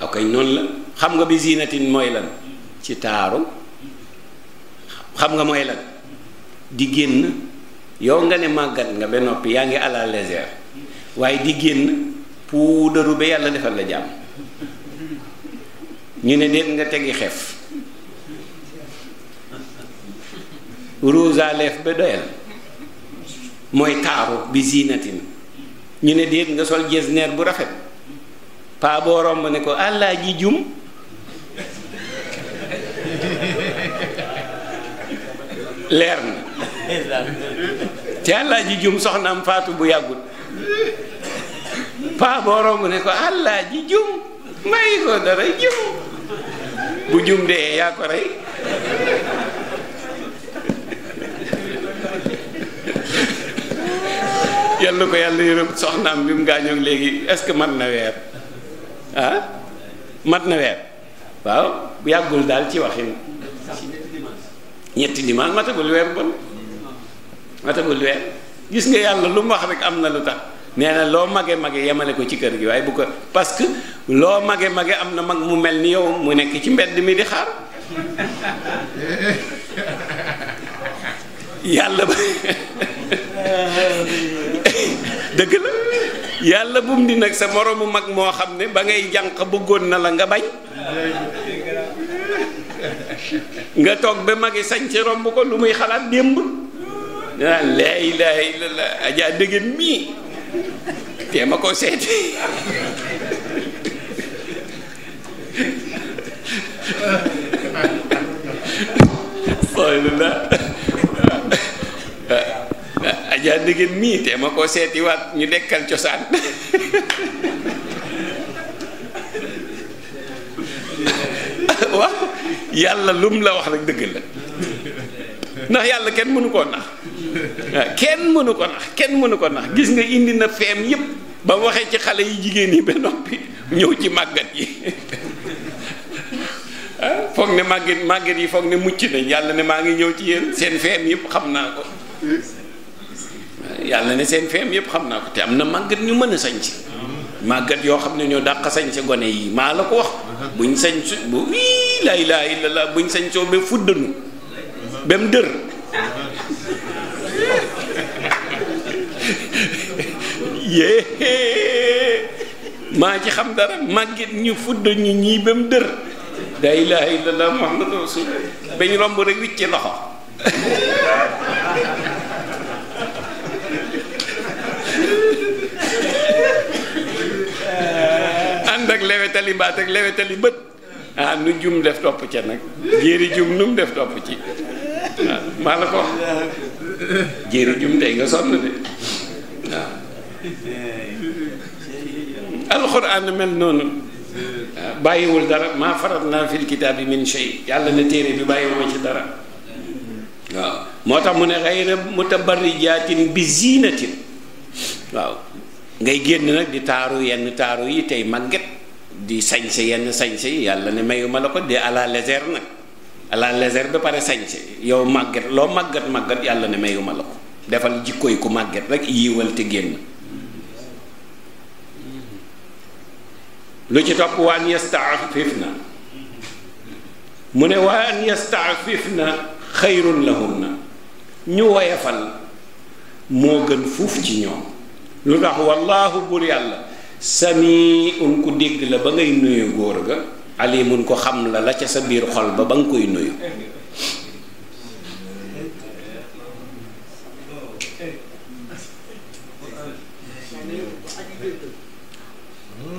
waaw kañ noonu la xam nga bi zinatin mooy lan ci taaru xam nga mooy lan di génn yow nga ne màggat nga ba noppi yaa ngi à la waaye di génn puudaru ba yàlla defal la jàmm ñu ne déet nga tegi xef rousaleef ba doyal mooy taaru bi zinatin ñu ne déet nga sol jesneer bu rafet paa boo romb ne ko àllaa ji jum leer na te Alaaji Jum soxnaam faatu bu yàggul paa boo romb ne ko Alaaji Jum may ko dara jum bu jum de yaa ko rey yàlla ko yàlla yërëm soxnaam bi mu gaañoon léegi est-ce que mat na weer ah, mat na weer waaw bu yàggul daal ci waxin ñetti dimanche matagul weer bon matagul weer gis nga yàlla lu mu wax rek am na lu tax nee na loo mage mage yemale ko ci kër gi waaye bu ko parce que loo mage mage am na mag mu mel ni yow mu nekk ci mbedd mi di xaar yàlla ba dëgg la yàlla bum dina sa moroomu mag moo xam ne ba ngay jànq bëggoon na la nga bañ nga toog ba magi sañ ci romb ko lu muy xalaat démb dinaan laa ilaaha illallah ajaa dëgën mii te ma ko seeti la jaa dëggeen mii te ma koo seetiwaat ñu dekkal cosaan waaw yàlla lum la wax rek dëgg la ndax yàlla kenn mënu koo nax kenn mënu koo nax kenn mënu ko nax gis nga indi na feem yépp ba mu waxee ci xale yi jigéen yi ba noppi ñëw ci màggat yi ah, foog ne màggat màggat yi foog ne mucc nañ yàlla ne maa ngi ñëw ci yéen seen feem yépp xam naa ko yàlla ne seen feem yëpp xam naa ko te am na màggat ñu mën a sañse màggat yoo xam ne ñoo dàq sañse gone yi maa la ko wax buñ sañ su bu wii laa ilaaha illallaah buñ sañ soo maa ci xam dara màggat ñu fudd ñu ñii ba mu dër laa ilaaha illallaah muhammadu rasuulullaah bañ romb rek wicci loxo lewetali mbaat ak lewetali bët ah nu jum def topp ca nag jéeri jum nu mu def topp ci ah, maa la ko wax jéeri jum tey nga sonn de waaw ah. alxuraan mel noonu ah, bàyyiwul dara maa farat naa fil kitaabi min shay yàlla ne téere bi bàyyiwuma ci dara waaw moo tax mu ne xayra mutabarrijaatin bi ziinatin waaw ngay génn nag di taaru yenn taaru yi tey màgget di sañse yenn sañse yi yàlla ne mayuma la ko de à la légère nag à la légère ba pare sañse yow màgget loo màggat màggat yàlla ne mayuma la ko defal jikko yi ku màgget rek yiiwal te génn lu ci topp waan yastaafif na mu ne waan yastaafif na xayrun lahum na ñu woyefal moo gën fuuf ci ñoom lu tax wallaahu bur yàlla samiun ku dégg la ba ngay nuyu góor ga alimun ko xam la la ca sa biir xol ba ba nga koy nuyu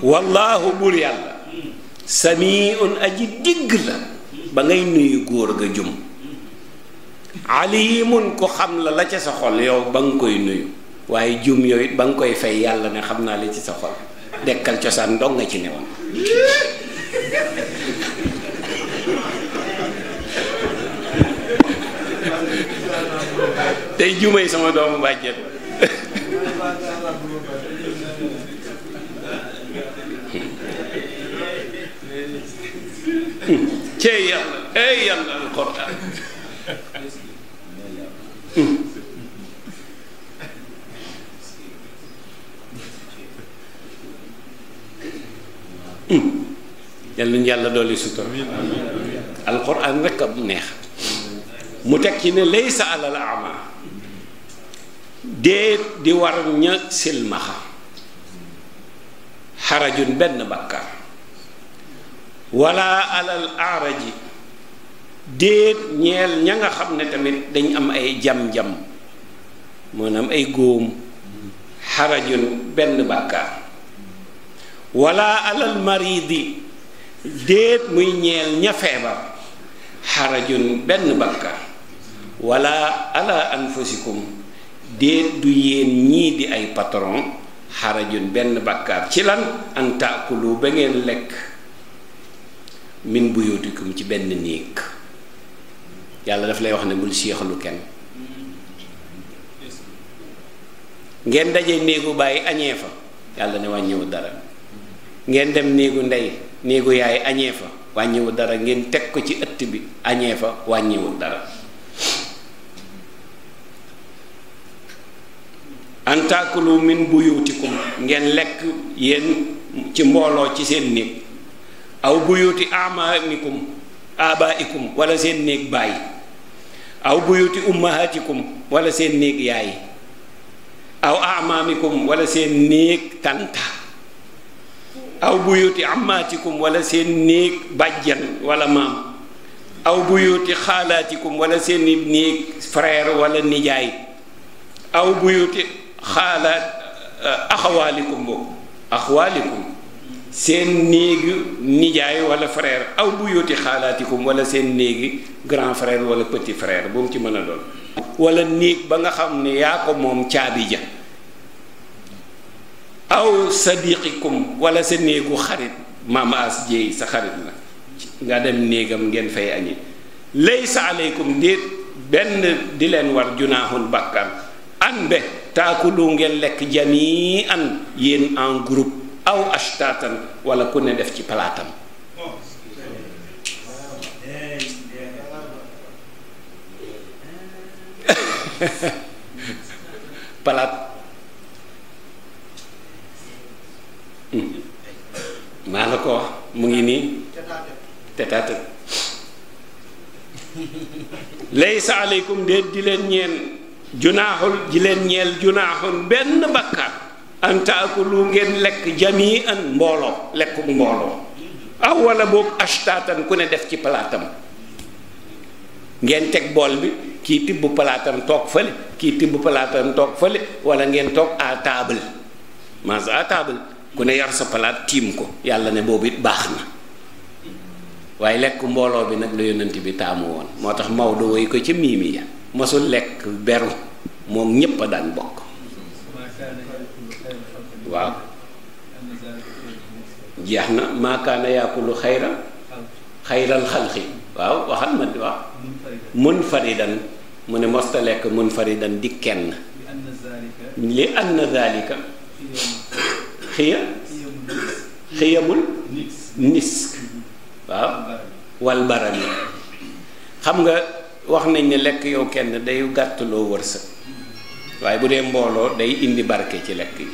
wallaahu bur yàlla samiun aji dégg la ba ngay nuyu góor ga jum alimun ko xam la la ca sa xol yow ba nga koy nuyu waaye juum yooyu ba nga koy fay yàlla ne xam naa li ci sa xol dekkal cosaan dong nga ci newoon tey juumay sama doomu bàjjet cey yàlla ey yàlla alquran Hmm. yal nañu yàlla dolli sutura alquran rek am neex mu teg ci ne laysa alal ama déet di war ña silmaxa xarajun benn bàkkaar wala alal aaraji déet ñeel ña nga xam ne tamit dañ am ay jam-jam maanaam ay góom xarajun benn bàkkaar wala alal maridi déet muy ñeel ña feebar xarajun benn bàkkaar wala ala anfusikum déet du yéen ñii di ay patron xarajun benn bàkkaar ci lan an taakulu ba ngeen lekk min buyutikum ci benn néeg yàlla daf lay wax ne bul séexalu kenn ngeen daje néegu bàyyi añee fa yàlla ne wàññiwu dara ngeen dem néegu ndey néegu yaay añee fa wàññiwul dara ngeen teg ko ci ëtt bi añee fa wàññiwul dara antaakulu min buyutikum ngeen lekk yéen ci mbooloo ci seen néeg aw buyuti amaanikum abaikum wala seen néeg baay aw buyuti ummahatikum wala seen néeg yaay aw amaamikum wala seen néeg tanta aw buyuti ammaatikum walla seen néeg bàjjan wala maam aw buyuti xaalaatikum wala seen néeg frère walla nijaay aw buyuti xaalaat euh, axawaalikum boobu axawaalikum seen néegi nijaay wala frère aw buyuti xaalaatikum wala seen néegi grand frère wala petit frère bu mu ci mën a doon wala néeg ba nga xam ni yaa ko moom caabi ja aw sa sadiqikum walla sa néegu xarit maama as jéey sa xarit la nga dem néegam ngeen fay añi laysa aleykum déet benn di leen war junaahun bàkkaar an be taakulu ngeen lekk jami an yéen en groupe aw ashtatan wala ku ne def ci palaatam palaat maa la ko wax mu ngi nii tetaate laysa aleykum déet di leen ñeen junaaxul jileen leen ñeel junaaxul benn bakkaar an taakulu ngeen lekk jamii an mbooloo lekkuk mbooloo aw wala boobu ashtaatan ku ne def ci palaatam ngeen teg bool bi kii tibb palaatam toog fële kii tibb palaatam toog fële wala ngeen toog à table maas à table ku ne yar sa palaat tiim ko yàlla ne boobu baax na waaye lekk mbooloo bi nag la yonent bi taamu woon moo tax Maodo woy ko ci miimi ya mosul lekk beru moom ñépp a daan bokk waaw jeex na maakaana yaakulu xayra xayral xalxi waaw waxal ma waaw faridan mu ne mosta lekk mun faridan di kenn li anna zalika xiya xiyamul nisk waaw wal xam nga wax nañ ni lekk yow kenn day gàttloo wërsëg waaye bu dee mbooloo day indi barke ci lekk yi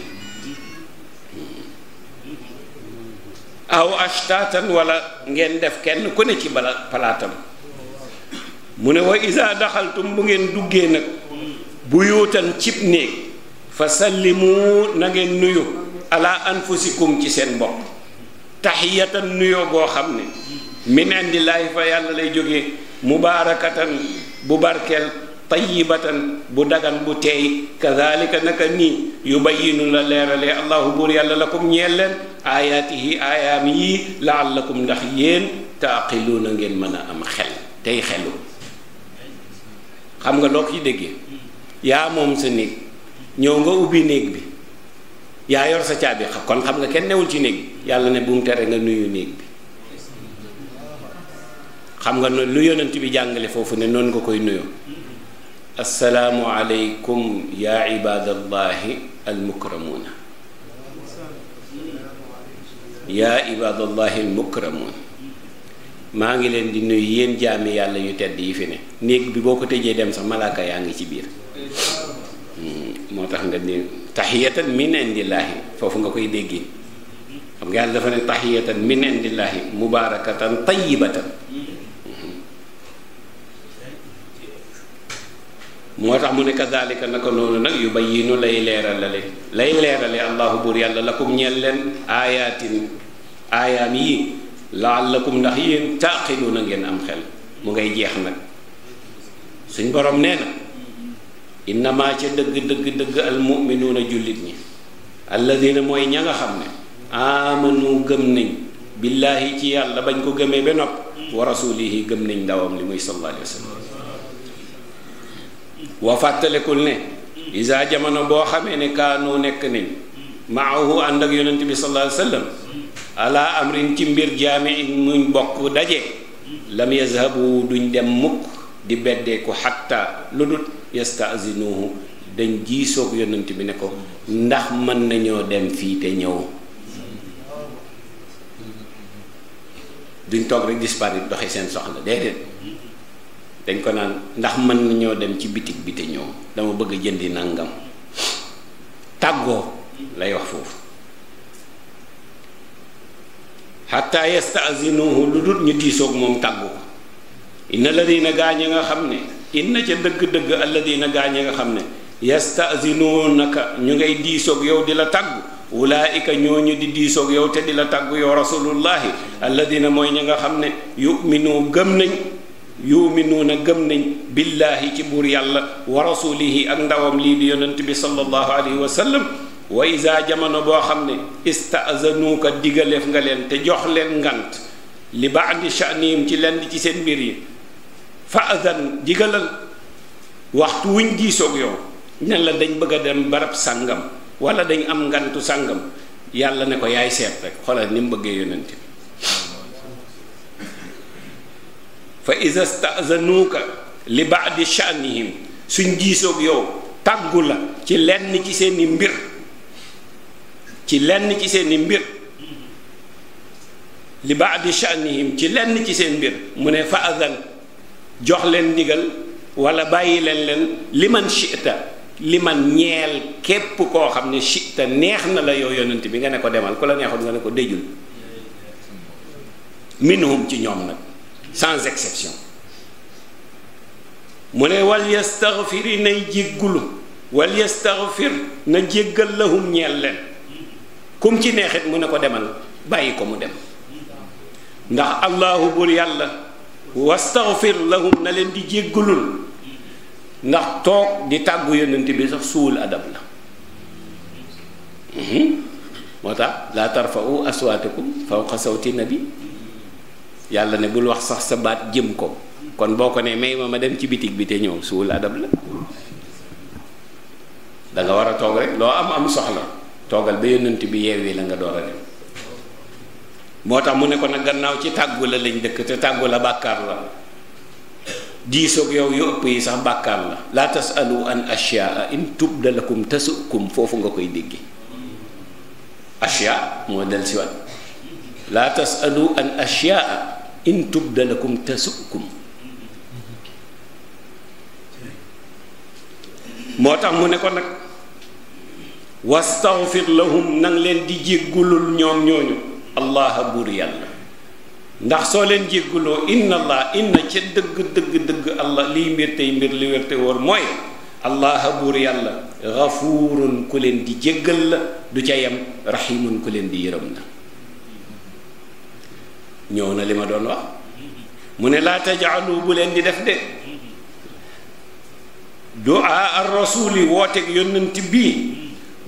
aw ashtatan wala ngeen def kenn ku ne ci palaatam mu ne wa isa daxaltum bu ngeen duggee nag bu yuutan cib néeg fa sallimu na ngeen nuyu ala anfusikum ci seen bopp taxiyatan nuyoo boo xam ne min indillaahi fa yàlla lay jóge mubaarakatan bu barkeel tayyibatan bu dagan bu teey kadhalika naka nii yubayyinu la leerale allahu buur yàlla lakum ñeel leen aayaatihi aayaam yii laallakum ndax yéen taaqiluuna ngeen mën a am xel tey xelu xam nga loo ci déggee yaa moom sa néeg ñëw nga ubbi néeg bi yaa yor sa caabi kon xam nga kenn newul ci néeg yàlla ne bu mu tere nga nuyu néeg bi xam nga noonu lu yonent bi jàngale foofu ne noonu nga koy nuyoo assalaamu aleykum yaa ibaadallahi almukramuuna yaa ibaadallahi almukramuun maa ngi leen di nuyu yéen jaami yàlla yu tedd yi fi ne néeg bi boo ko tëjee dem sax malaaka yaa ngi ci biir moo tax nga ni taxiyatan min indillaahi foofu nga koy déggee xam nga yàlla dafa ne taxiyatan min indillaahi mubaarakatan tayyibatan moo tax mu ne kadalika naka noonu nag yu bayyinu lay leeralale lay leerale allahu buur yàlla lakum ñeel leen aayaatin aayaam yi laallakum ndax yéen taaqiluuna ngeen am xel mu ngay jeex nag suñ borom nee na innamaa ca dëgg dëgg dëgg almuminuuna jullit ñi alladina mooy ña nga xam ne amanu gëm nañ billaahi ci yàlla bañ ko gëmee ba nopp wa rasulihi gëm nañ ndawam li muy sallallahu alayhi wa fàttalekul ne isa jamono boo xamee ne kaanoo nekk nañ maahu ànd ak yonent bi sallallahu alayhi amrin ci mbir jaami muñ bokk daje lam yazhabu duñ dem mukk di beddeeku xatta lu dul yastaazinuhu dañ jiisoog yonent bi ne ko ndax mën nañoo dem fii te ñëw duñ toog rek disparaître doxi seen soxla déedéet dañ ko naan ndax mën nañoo dem ci bitig bi te ñëw dama bëgg jëndi nangam tàggoo lay wax foofu xataa yastaazinuhu lu dul ñu diisoog moom tàggu ko inna ladina gaañ a nga xam ne inna ca dëgg-dëgg alladina gaañe nga xam ne yastazinunaka ñu ngay diisoog yow di la tàggu ñoo ñooñu di diisoog yow te di la tàggu yow rasulullahi alladina mooy ñi nga xam ne yuminu gëm nañ na gëm nañ billaahi ci buur yàlla wa rasulihi ak ndawam lii di yonent bi sallallahu alayhi wa sallam wa isa jamono boo xam ne istazanuuka digaleef nga leen te jox leen ngant li baadi sha'nihim ci lenn ci seen mbir yi fa adan digalal waxtu wuñ diisoog yow ne la dañ bëgg a dem barab sàngam wala dañ am ngantu sàngam yàlla ne ko yaay seet rek xoolal ni mu bëggee yonent fa iza staazanuuka li baadi sha'nihim suñ diisoog yow tàggu la ci lenn ci seeni mbir ci lenn ci seeni mbir li baadi sha'nihim ci lenn ci seen mbir mu ne fa adan jox leen ndigal wala bàyyi leen leen li man chita li man ñeel képp koo xam ne chita neex na la yow yonent bi nga ne ko demal ku la neexoon nga ne ko déjul minhum ci ñoom nag sans exception mu ne wal yastaxfiri nay jéggulu wal yastaxfir na jéggal lahum ñeel leen kum ci neexit mu ne ko demal bàyyi ko mu dem ndax allahu bur yàlla wastaghfir lahum na leen di jéggalul ndax toog di tàggu yonent bi sax suul adab la mhm. moo tax laa tarfa'u aswaatakum fawqa sawti nabi yàlla ne bul wax sax sa baat jëm ko kon boo ko ne may ma ma dem ci bitig bi te ñëw suul adab la da war a toog rek loo am am soxla toogal ba yonent bi yeewi la nga door a dem moo tax mu ne ko nag gannaaw ci tàggu la lañ dëkk te tàggu la bàkkaar la diisoog yow yu yi sax bàkkaar la laa tasalu an ashyaa in tubda lakum tasukum nga koy déggi ashyaa moo del si wat laa tasalu tax mu ne ko nag wastaghfir lahum nang leen di jéggulul ñoom ñooñu allah buur yàlla ndax soo leen jégguloo inna allah inna ca dëgg dëgg dëgg allah liy mbir tey mbir li wér te wóor mooy allah buur yàlla gafuurun ku leen di jéggal la du ca yem raximun ku leen di yërëm la ñëw na li ma doon wax mu ne laa tajaalu bu leen di def de duaa ar rasuli wooteeg yónnant bii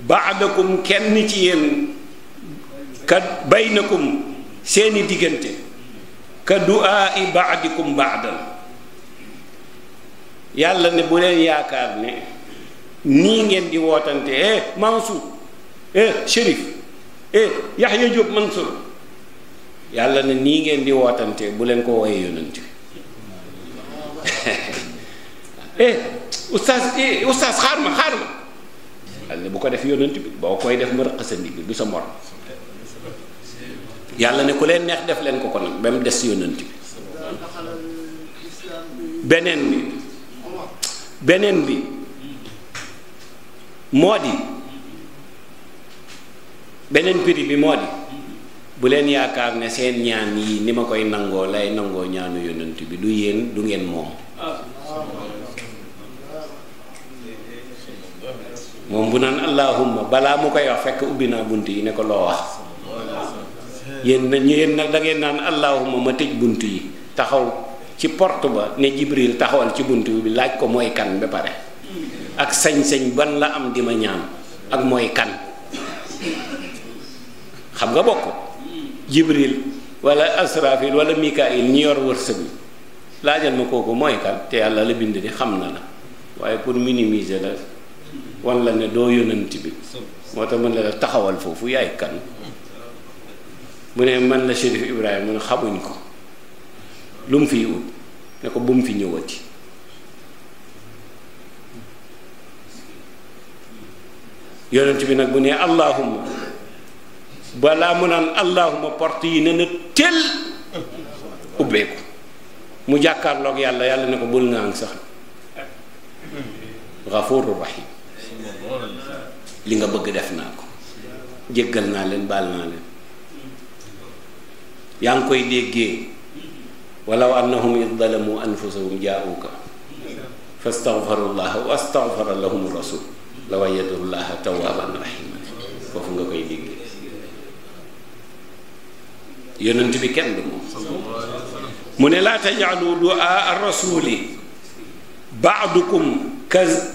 baadakum kenn ci yéen ka baynakum seeni diggante ka duaa i baadikum baadan yàlla ne bu leen yaakaar ne nii ngeen di wootante eh Mansour eh Chérif eh Yaxya Jóob Mansour yàlla ne nii ngeen di wootante bu leen ko wooyee yonent bi eh oustaz eh xaar ma xaar ma yàlla ne bu ko def yonent boo koy def ma rëq sa ndigg du sa morom yàlla ne ku leen neex def leen ko ko nag ba mu des yonent bi beneen bi beneen bi moo di beneen prix bi moo di bu leen yaakaar ne seen ñaan yi ni ma koy nangoo lay nangoo ñaanu yonent bi du yéen du ngeen moom moom bu naan allahumma balaa mu koy wax fekk ubbi naa bunt yi ne ko loo wax yéen na yéen nag dangeen ngeen naan allahuma ma tëj bunt yi taxaw ci port ba ne jibril taxawal ci bunt bi laaj ko mooy kan ba pare ak sañ-sañ ban la am di ma ñaan ak mooy kan xam nga bokk jibril wala asrafil wala mikail ñi yor wërsëg bi laajal ma kooku mooy kan te yàlla la bind di xam na la waaye pour minimiser la wan la ne doo yonent bi moo tax mën la taxawal foofu yaay kan mu ne man la Chérif Ibrahima mu ne xamuñ ko lu mu fiy ut ne ko bu mu fi ñëwati yonent bi nag bu ne allahuma balaa mu naan allahuma porte yi ne na ubbeeku mu jàkkaarloog yàlla yàlla ne ko bul naan sax gafuru rahim li nga bëgg def naa ko jéggal naa leen baal naa leen yaa ngi koy déggee walaw annahum id dalamu anfusahum jaauka fastaghfarullaha wa astaghfara lahum rasul la wajadullaha tawwaban rahima foofu nga koy déggee yonent bi kenn du moom mu ne laa tajaalu duaa rasuli baadukum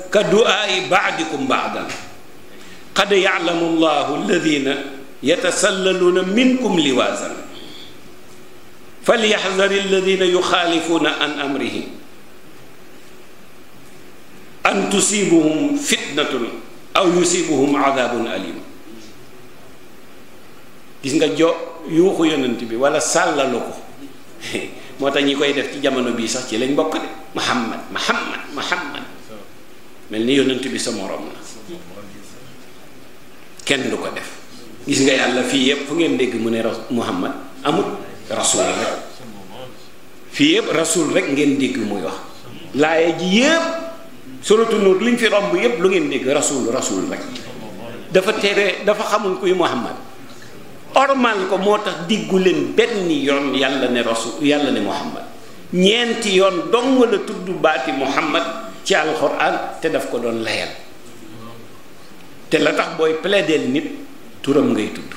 ka duaai baadikum baadan qad yaalamu llahu alladina yatasallaluuna minkum liwaasan falyaxdar alladina yuxaalifuuna an amrihi an tusibuhum fitnatun aw yusibuhum adabun alim gis nga jo yuuxu yonent bi wala sàllalu ko moo tax ñi koy def ci jamono bii sax ci lañ bokk de Muhammad Muhammad Muhammad mel ni yonent bi sa morom la kenn du ko def gis nga yàlla fii yépp fu ngeen dégg mu ne Muhammad amul rasul rek fii yëpp rasul rek ngeen dégg muy wax laaye ji yëpp suratu nuur liñ fi romb yëpp lu ngeen dégg rasul rasul rek dafa téere dafa xamul kuy muhammad ormal ko moo tax diggu leen benn yoon yàlla ne rasul yàlla ne muhammad ñeenti yoon dong la tudd baati muhammad ci alxuraan te daf ko doon layal te la tax booy plaider nit turam ngay tudd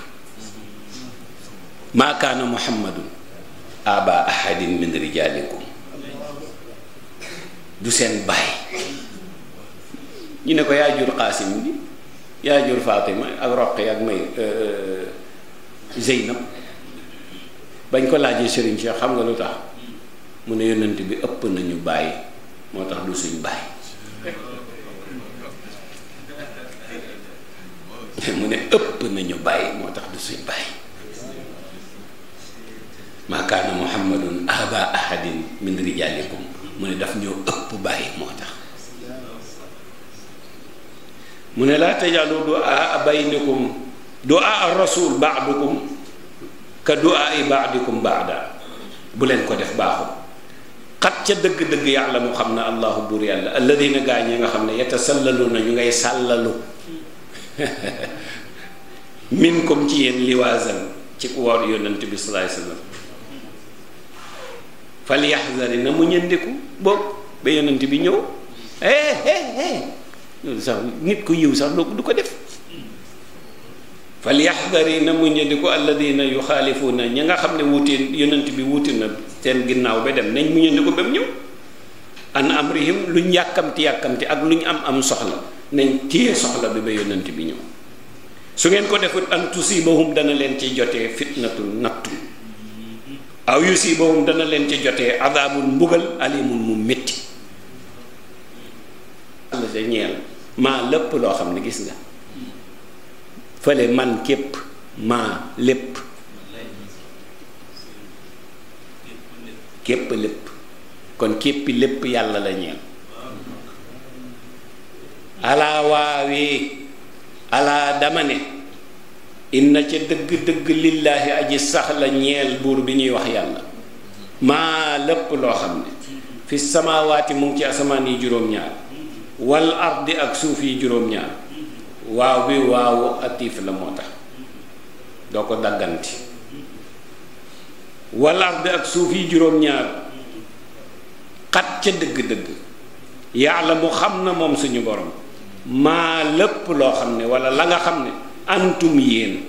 maa kaana muhammadun aba ahadin min rijaalikum du seen baay ñu ne ko yaa jur xaasim bi yaa jur faatima ak roqi ak may euh, euh, zeynab bañ ko laajee sëriñ Cheikh xam nga lu tax mu ne yonent bi ëpp nañu bàyyi moo tax du suñ bàyyi mu ne ëpp nañu bàyyi moo tax du suñ bàyyi maa kaana muhammadun aba ahadin min rijalikum mu ne daf ñoo ëpp bàyyi moo tax mu ne laa tajalu duaa baynikum duaa rasul baadukum ka duaa i baadikum baada bu leen ko def baaxul ca dëgg-dëgg yàlla mu xam na allahu buur yàlla alladina gaañ yi nga xam ne yatasallalu na ñu ngay sàllalu minkum ci yéen liwaasal ci ku war yonent bi sallallahu alayhi fal yaxzari na mu ñëndiku boobu ba yonent bi ñëw eh eh eh loolu nit ku yëw sax doo du ko def fal yaxdari na mu ñëndiku alladina na ña nga xam ne wuuti yonent bi wuuti na seen ginnaaw ba dem nañ mu ñëndiku ba mu ñëw an amrihim luñ yàkkamti yàkkamti ak luñ am am soxla nañ téye soxla bi ba yonent bi ñëw su ngeen ko defut an tusibahum dana leen ci jotee fitnatu nattu aw yusibahum dana leen ci jotee adabun mbugal alimun mu métti la ca ñeel maa lépp loo xam ne gis nga fële man képp maa lépp képp lépp kon képpi lépp yàlla la ñeel alaa waawee alaa dama ne inna ca dëgg-dëgg lillaahi aji sax la ñeel buur bi ñuy wax yàlla maa lépp loo xam ne fi samaawaati mu ngi ci asamaan yi juróom-ñaar wal ardi ak suuf yi juróom-ñaar la moo dagganti wal ardi ak xat ca dëgg-dëgg yàlla mu xam na moom suñu borom maa lëpp loo xam ne walla la nga xam ne antum yéen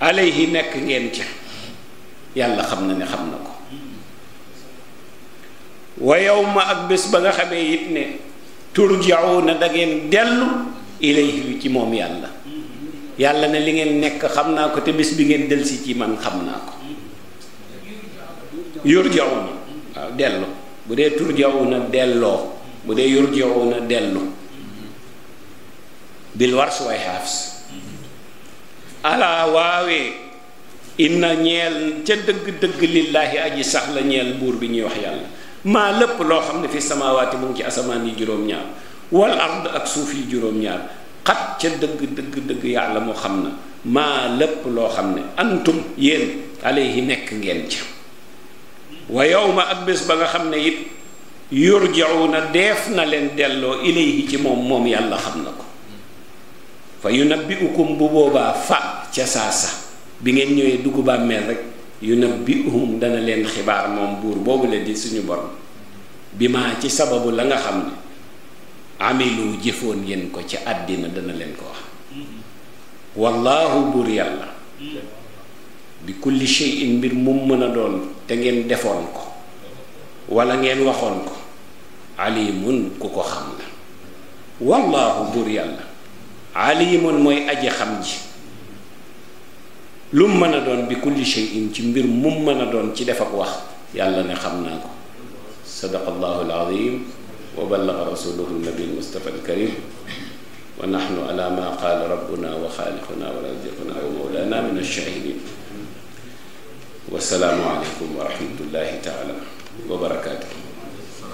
alayhi nekk ngeen ca yàlla xam na ne xam na ko wayow yawma ak bés ba nga xamee it ne turjauna da ngeen dellu ilayhi ci moom yàlla yàlla na li ngeen nekk xam naa ko te bés bi ngeen delsi ci man xam naa ko yurjauna waaw dellu bu dee turjauna delloo bu dee yurjauna dellu bil wars way xaafs alaa waawee inna ñeel ca dëgg-dëgg lillaahi aji sax la ñeel buur bi ñuy wax yàlla maa lëpp loo xam ne fi samaawaati mu ngi ci asamaan yi juróom-ñaar wal ard ak suuf yi juróom-ñaar xat ca dëgg dëgg dëgg yàlla moo xam na maa lëpp loo xam ne antum yéen alayhi nekk ngeen ca wa ma ak bés ba nga xam ne it yurjauna deef na na leen delloo ilayhi ci moom moom yàlla xam na ko fa yunabbiukum bu boobaa fa ca saasa bi ngeen ñëwee dugg bàmmeel rek yunabbiuhum dana leen xibaar moom buur boobu la di suñu borom bi ma ci sababu la nga xam ne amilu jëfoon ngeen ko ci àddina dana leen ko wax wallaahu buur yàlla bi kulli shay'in mbir mu mën a doon te ngeen defoon ko wala ngeen waxoon ko alimun ku ko xam la wallaahu buur yàlla alimun mooy aji xam ji lum mën a doon bi kulli shay'in ci mbir mum mën a doon ci def ak wax yàlla ne xam naa ko sadaqa allahu alazim wa ballaga rasuluhu nabi almustafa alkarim wa nahnu ala ma qaala rabbuna wa xaaliquna wa raziquna wa mawlana min alshahidin wasalaamu aleykum wa rahmatullahi taala wa barakaatu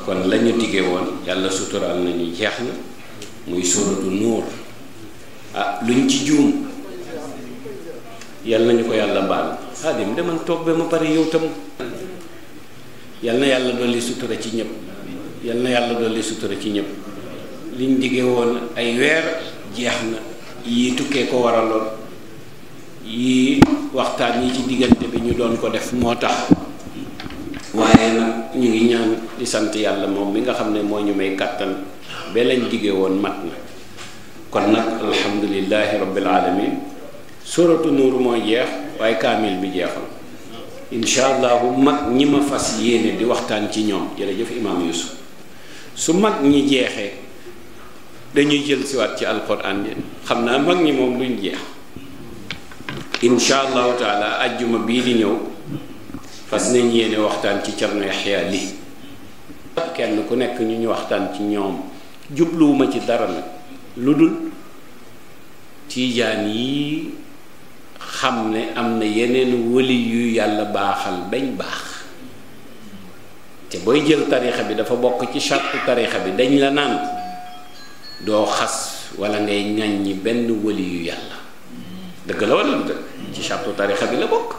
kon la dige woon yàlla suturaal nañu jeex na muy suratu nuur ah luñ ci juum yal nañu ko yàlla baal xaadim demal toog ba mu pare yow tam yal na yàlla dolli sutura ci ñëpp yal na yàlla dolli sutura ci ñëpp liñ diggee woon ay weer jeex na yii tukkee ko waraloon yi waxtaan yi ci diggante bi ñu doon ko def moo tax waaye nag ñu ngi ñaan di sant yàlla moom mi nga xam ne moo ñu may kàttan ba lañ diggee woon mat na kon nag alhamdulilahi rabbil alamin suratu nuur moo jeex waaye kaamil bi jeexul incha allahu mag ñi ma fas yéene di waxtaan ci ñoom jërëjëf imaam yusuf su mag ñi jeexee dañuy jël siwaat ci alquran bi xam naa mag ñi moom duñ jeex incha allahu taala ajjuma bii di ñëw fas nañ yéene waxtaan ci Cerno Yaxya Li kenn ku nekk ñu ñu waxtaan ci ñoom jubluwuma ci dara nag lu dul tiijaan yi xam ne am na yeneen wëli yu yàlla baaxal bañ baax te booy jël tarixa bi dafa bokk ci charte tarixa bi dañ la naan doo xas wala ngay ñi benn wëli yu yàlla dëgg la wala lu dëgg ci charte tarixa bi la bokk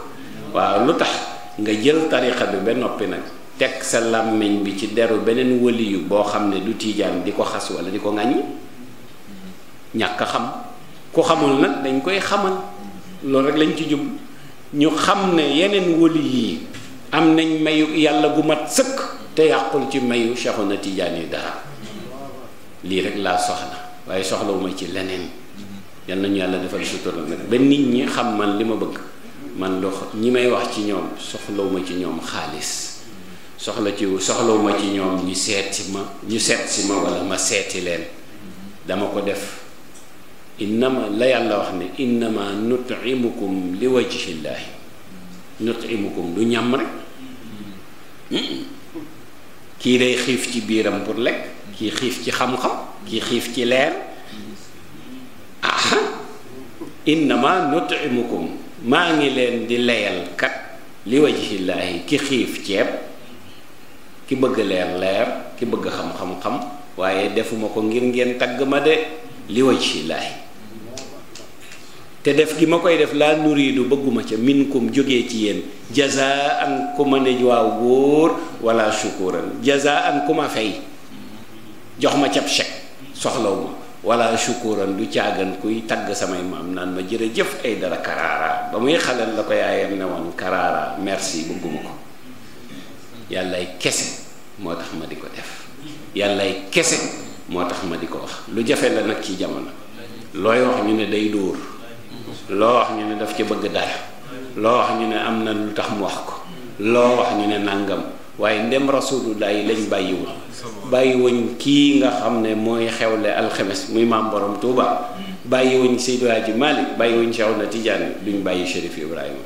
waaw lu tax nga jël tarixa bi ba noppi nag teg sa làmmiñ bi ci deru beneen wëli boo xam ne du tiijaan di ko xas walla di ko ŋàññi ñàkk a xam ku xamul nag dañ koy xamal loolu rek lañ ci jub ñu xam ne yeneen wëli yii am nañ mayu yàlla gu mat sëkk te yàqul ci mayu tiijaan Tijaani dara lii rek laa soxla waaye soxlawuma ci leneen yal nañu yàlla defal sutura nag ba nit ñi xam man li ma bëgg man loo ñi may wax ci ñoom soxlawuma ci ñoom xaalis soxla ci soxlawuma ci ñoom ñu seet si ma ñu seet si ma wala ma seeti leen dama ko def innama la yàlla wax ne innama nutimukum li wajhillaahi nutimukum du ñam rek hmm? kii day xiif ci biiram pour lekk kii xiif ci xam-xam kii xiif ci leer inama innama nutimukum maa ngi leen di leyal kat li wajhillaahi ki xiif ceeb ki bëgg leer leer ki bëgg xam-xam-xam waaye defuma ko ngir ngeen tagg ma de li wajhillaahi te def gi ma koy def laa nuriidu bëgguma ca minkum jógee ci yéen jazaan ku ma ne waaw góor walla shukuran jazaan ku ma fay jox ma cab chèque soxlaw ma wala shukuran du caagan kuy tagg samay maam naan ma jër jëf ay dara karaara ba muy xalal la ko yaayam ne woon karaara merci bëgguma ko yàllaay kese moo tax ma di ko def yàllaay kese moo tax ma di ko wax lu jafe la nag ci jamono looy wax ñu ne day dóor loo wax ñu ne daf ca bëgg dara loo wax ñu ne am na lu tax mu wax ko loo wax ñu ne nàngam waaye ndem rasulullah yi lañ bàyyiwul bàyyiwuñ kii nga xam ne mooy xewle alxemes muy maam borom Touba bàyyiwuñ Seydou Hadji Malick bàyyiwuñ Cheikh na Tidiane duñ bàyyi Chérif Ibrahima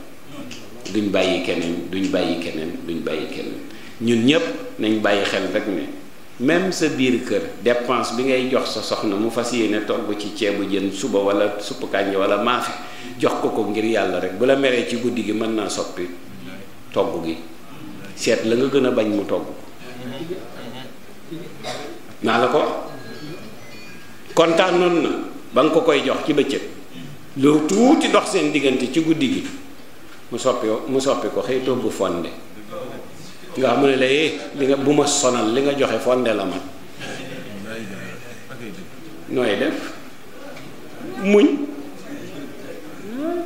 duñ bàyyi keneen duñ bàyyi keneen duñ bàyyi keneen ñun ñépp nañ bàyyi xel rek ne même sa biir kër dépense bi ngay jox sa soxna mu fas yéene togg ci ceebu jën suba wala suppu kànja wala maafe jox ko ko ngir yàlla rek bu la meree ci guddi gi mën naa soppi togg gi seet la nga gën a bañ mu togg ko naa la ko kontaanoon na nga ko koy jox ci bëccëg lu dox seen diggante ci guddi gi mu soppi mu soppi ko xëy togg fonde nga xam ne la li nga bu ma sonal li nga joxe fonde la man nooy def muñ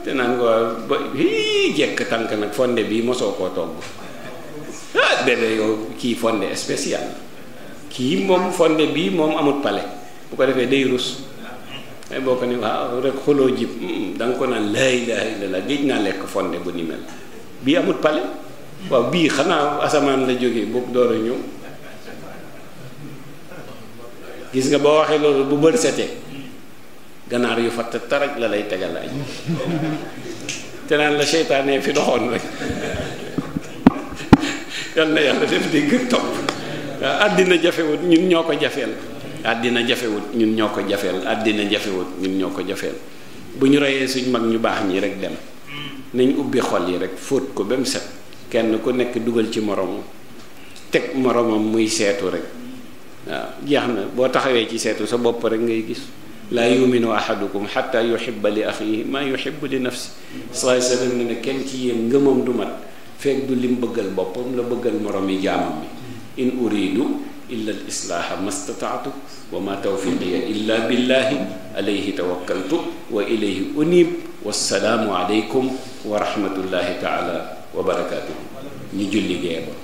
te naan ko ba hii jekk tànk nag fonde bii mosoo koo togg ah bébé yow kii fonde spécial kii moom fonde bii moom amut pale bu ko defee day rus ay boo ko ni waaw rek xuloo jib hmm, da ko naan lay lay la la géej naa lekk fonde bu ni mel bii amut pale waaw bii xanaa asamaan la jóge boobu door a ñëw gis nga boo waxee loolu bu bër setee ganaar yu fatt taraj la lay tegal añ te naan la seytaane fi doxoon rek yal na yàlla def dégg topp waaw àddina jafewut ñun ñoo ko jafeel àddina jafewut ñun ñoo ko jafeel àddina jafewut ñun ñoo ko jafeel bu ñu reyee suñ mag ñu baax ñii rek dem nañ ubbi xol yi rek fóot ko ba mu set kenn ku nekk dugal ci moromam teg moromam muy seetu rek waaw jeex na boo taxawee ci seetu sa bopp rek ngay gis laa yuminu ahadukum xatta yuhibba li axihi maa yuhibbu li nafsi sallallahu alayhi wasallam ne ne kenn ci yéen ngëmam du mat feek du lim bëggal boppam la bëggal morom yi jaamam bi in uridu illa al islaaha mastataatu wa ma tawfiqiya illa billahi alayhi tawakkaltu wa ilayhi unib wassalaamu aleykum wa rahmatullahi taala wa barakaatuhu ñu julli gee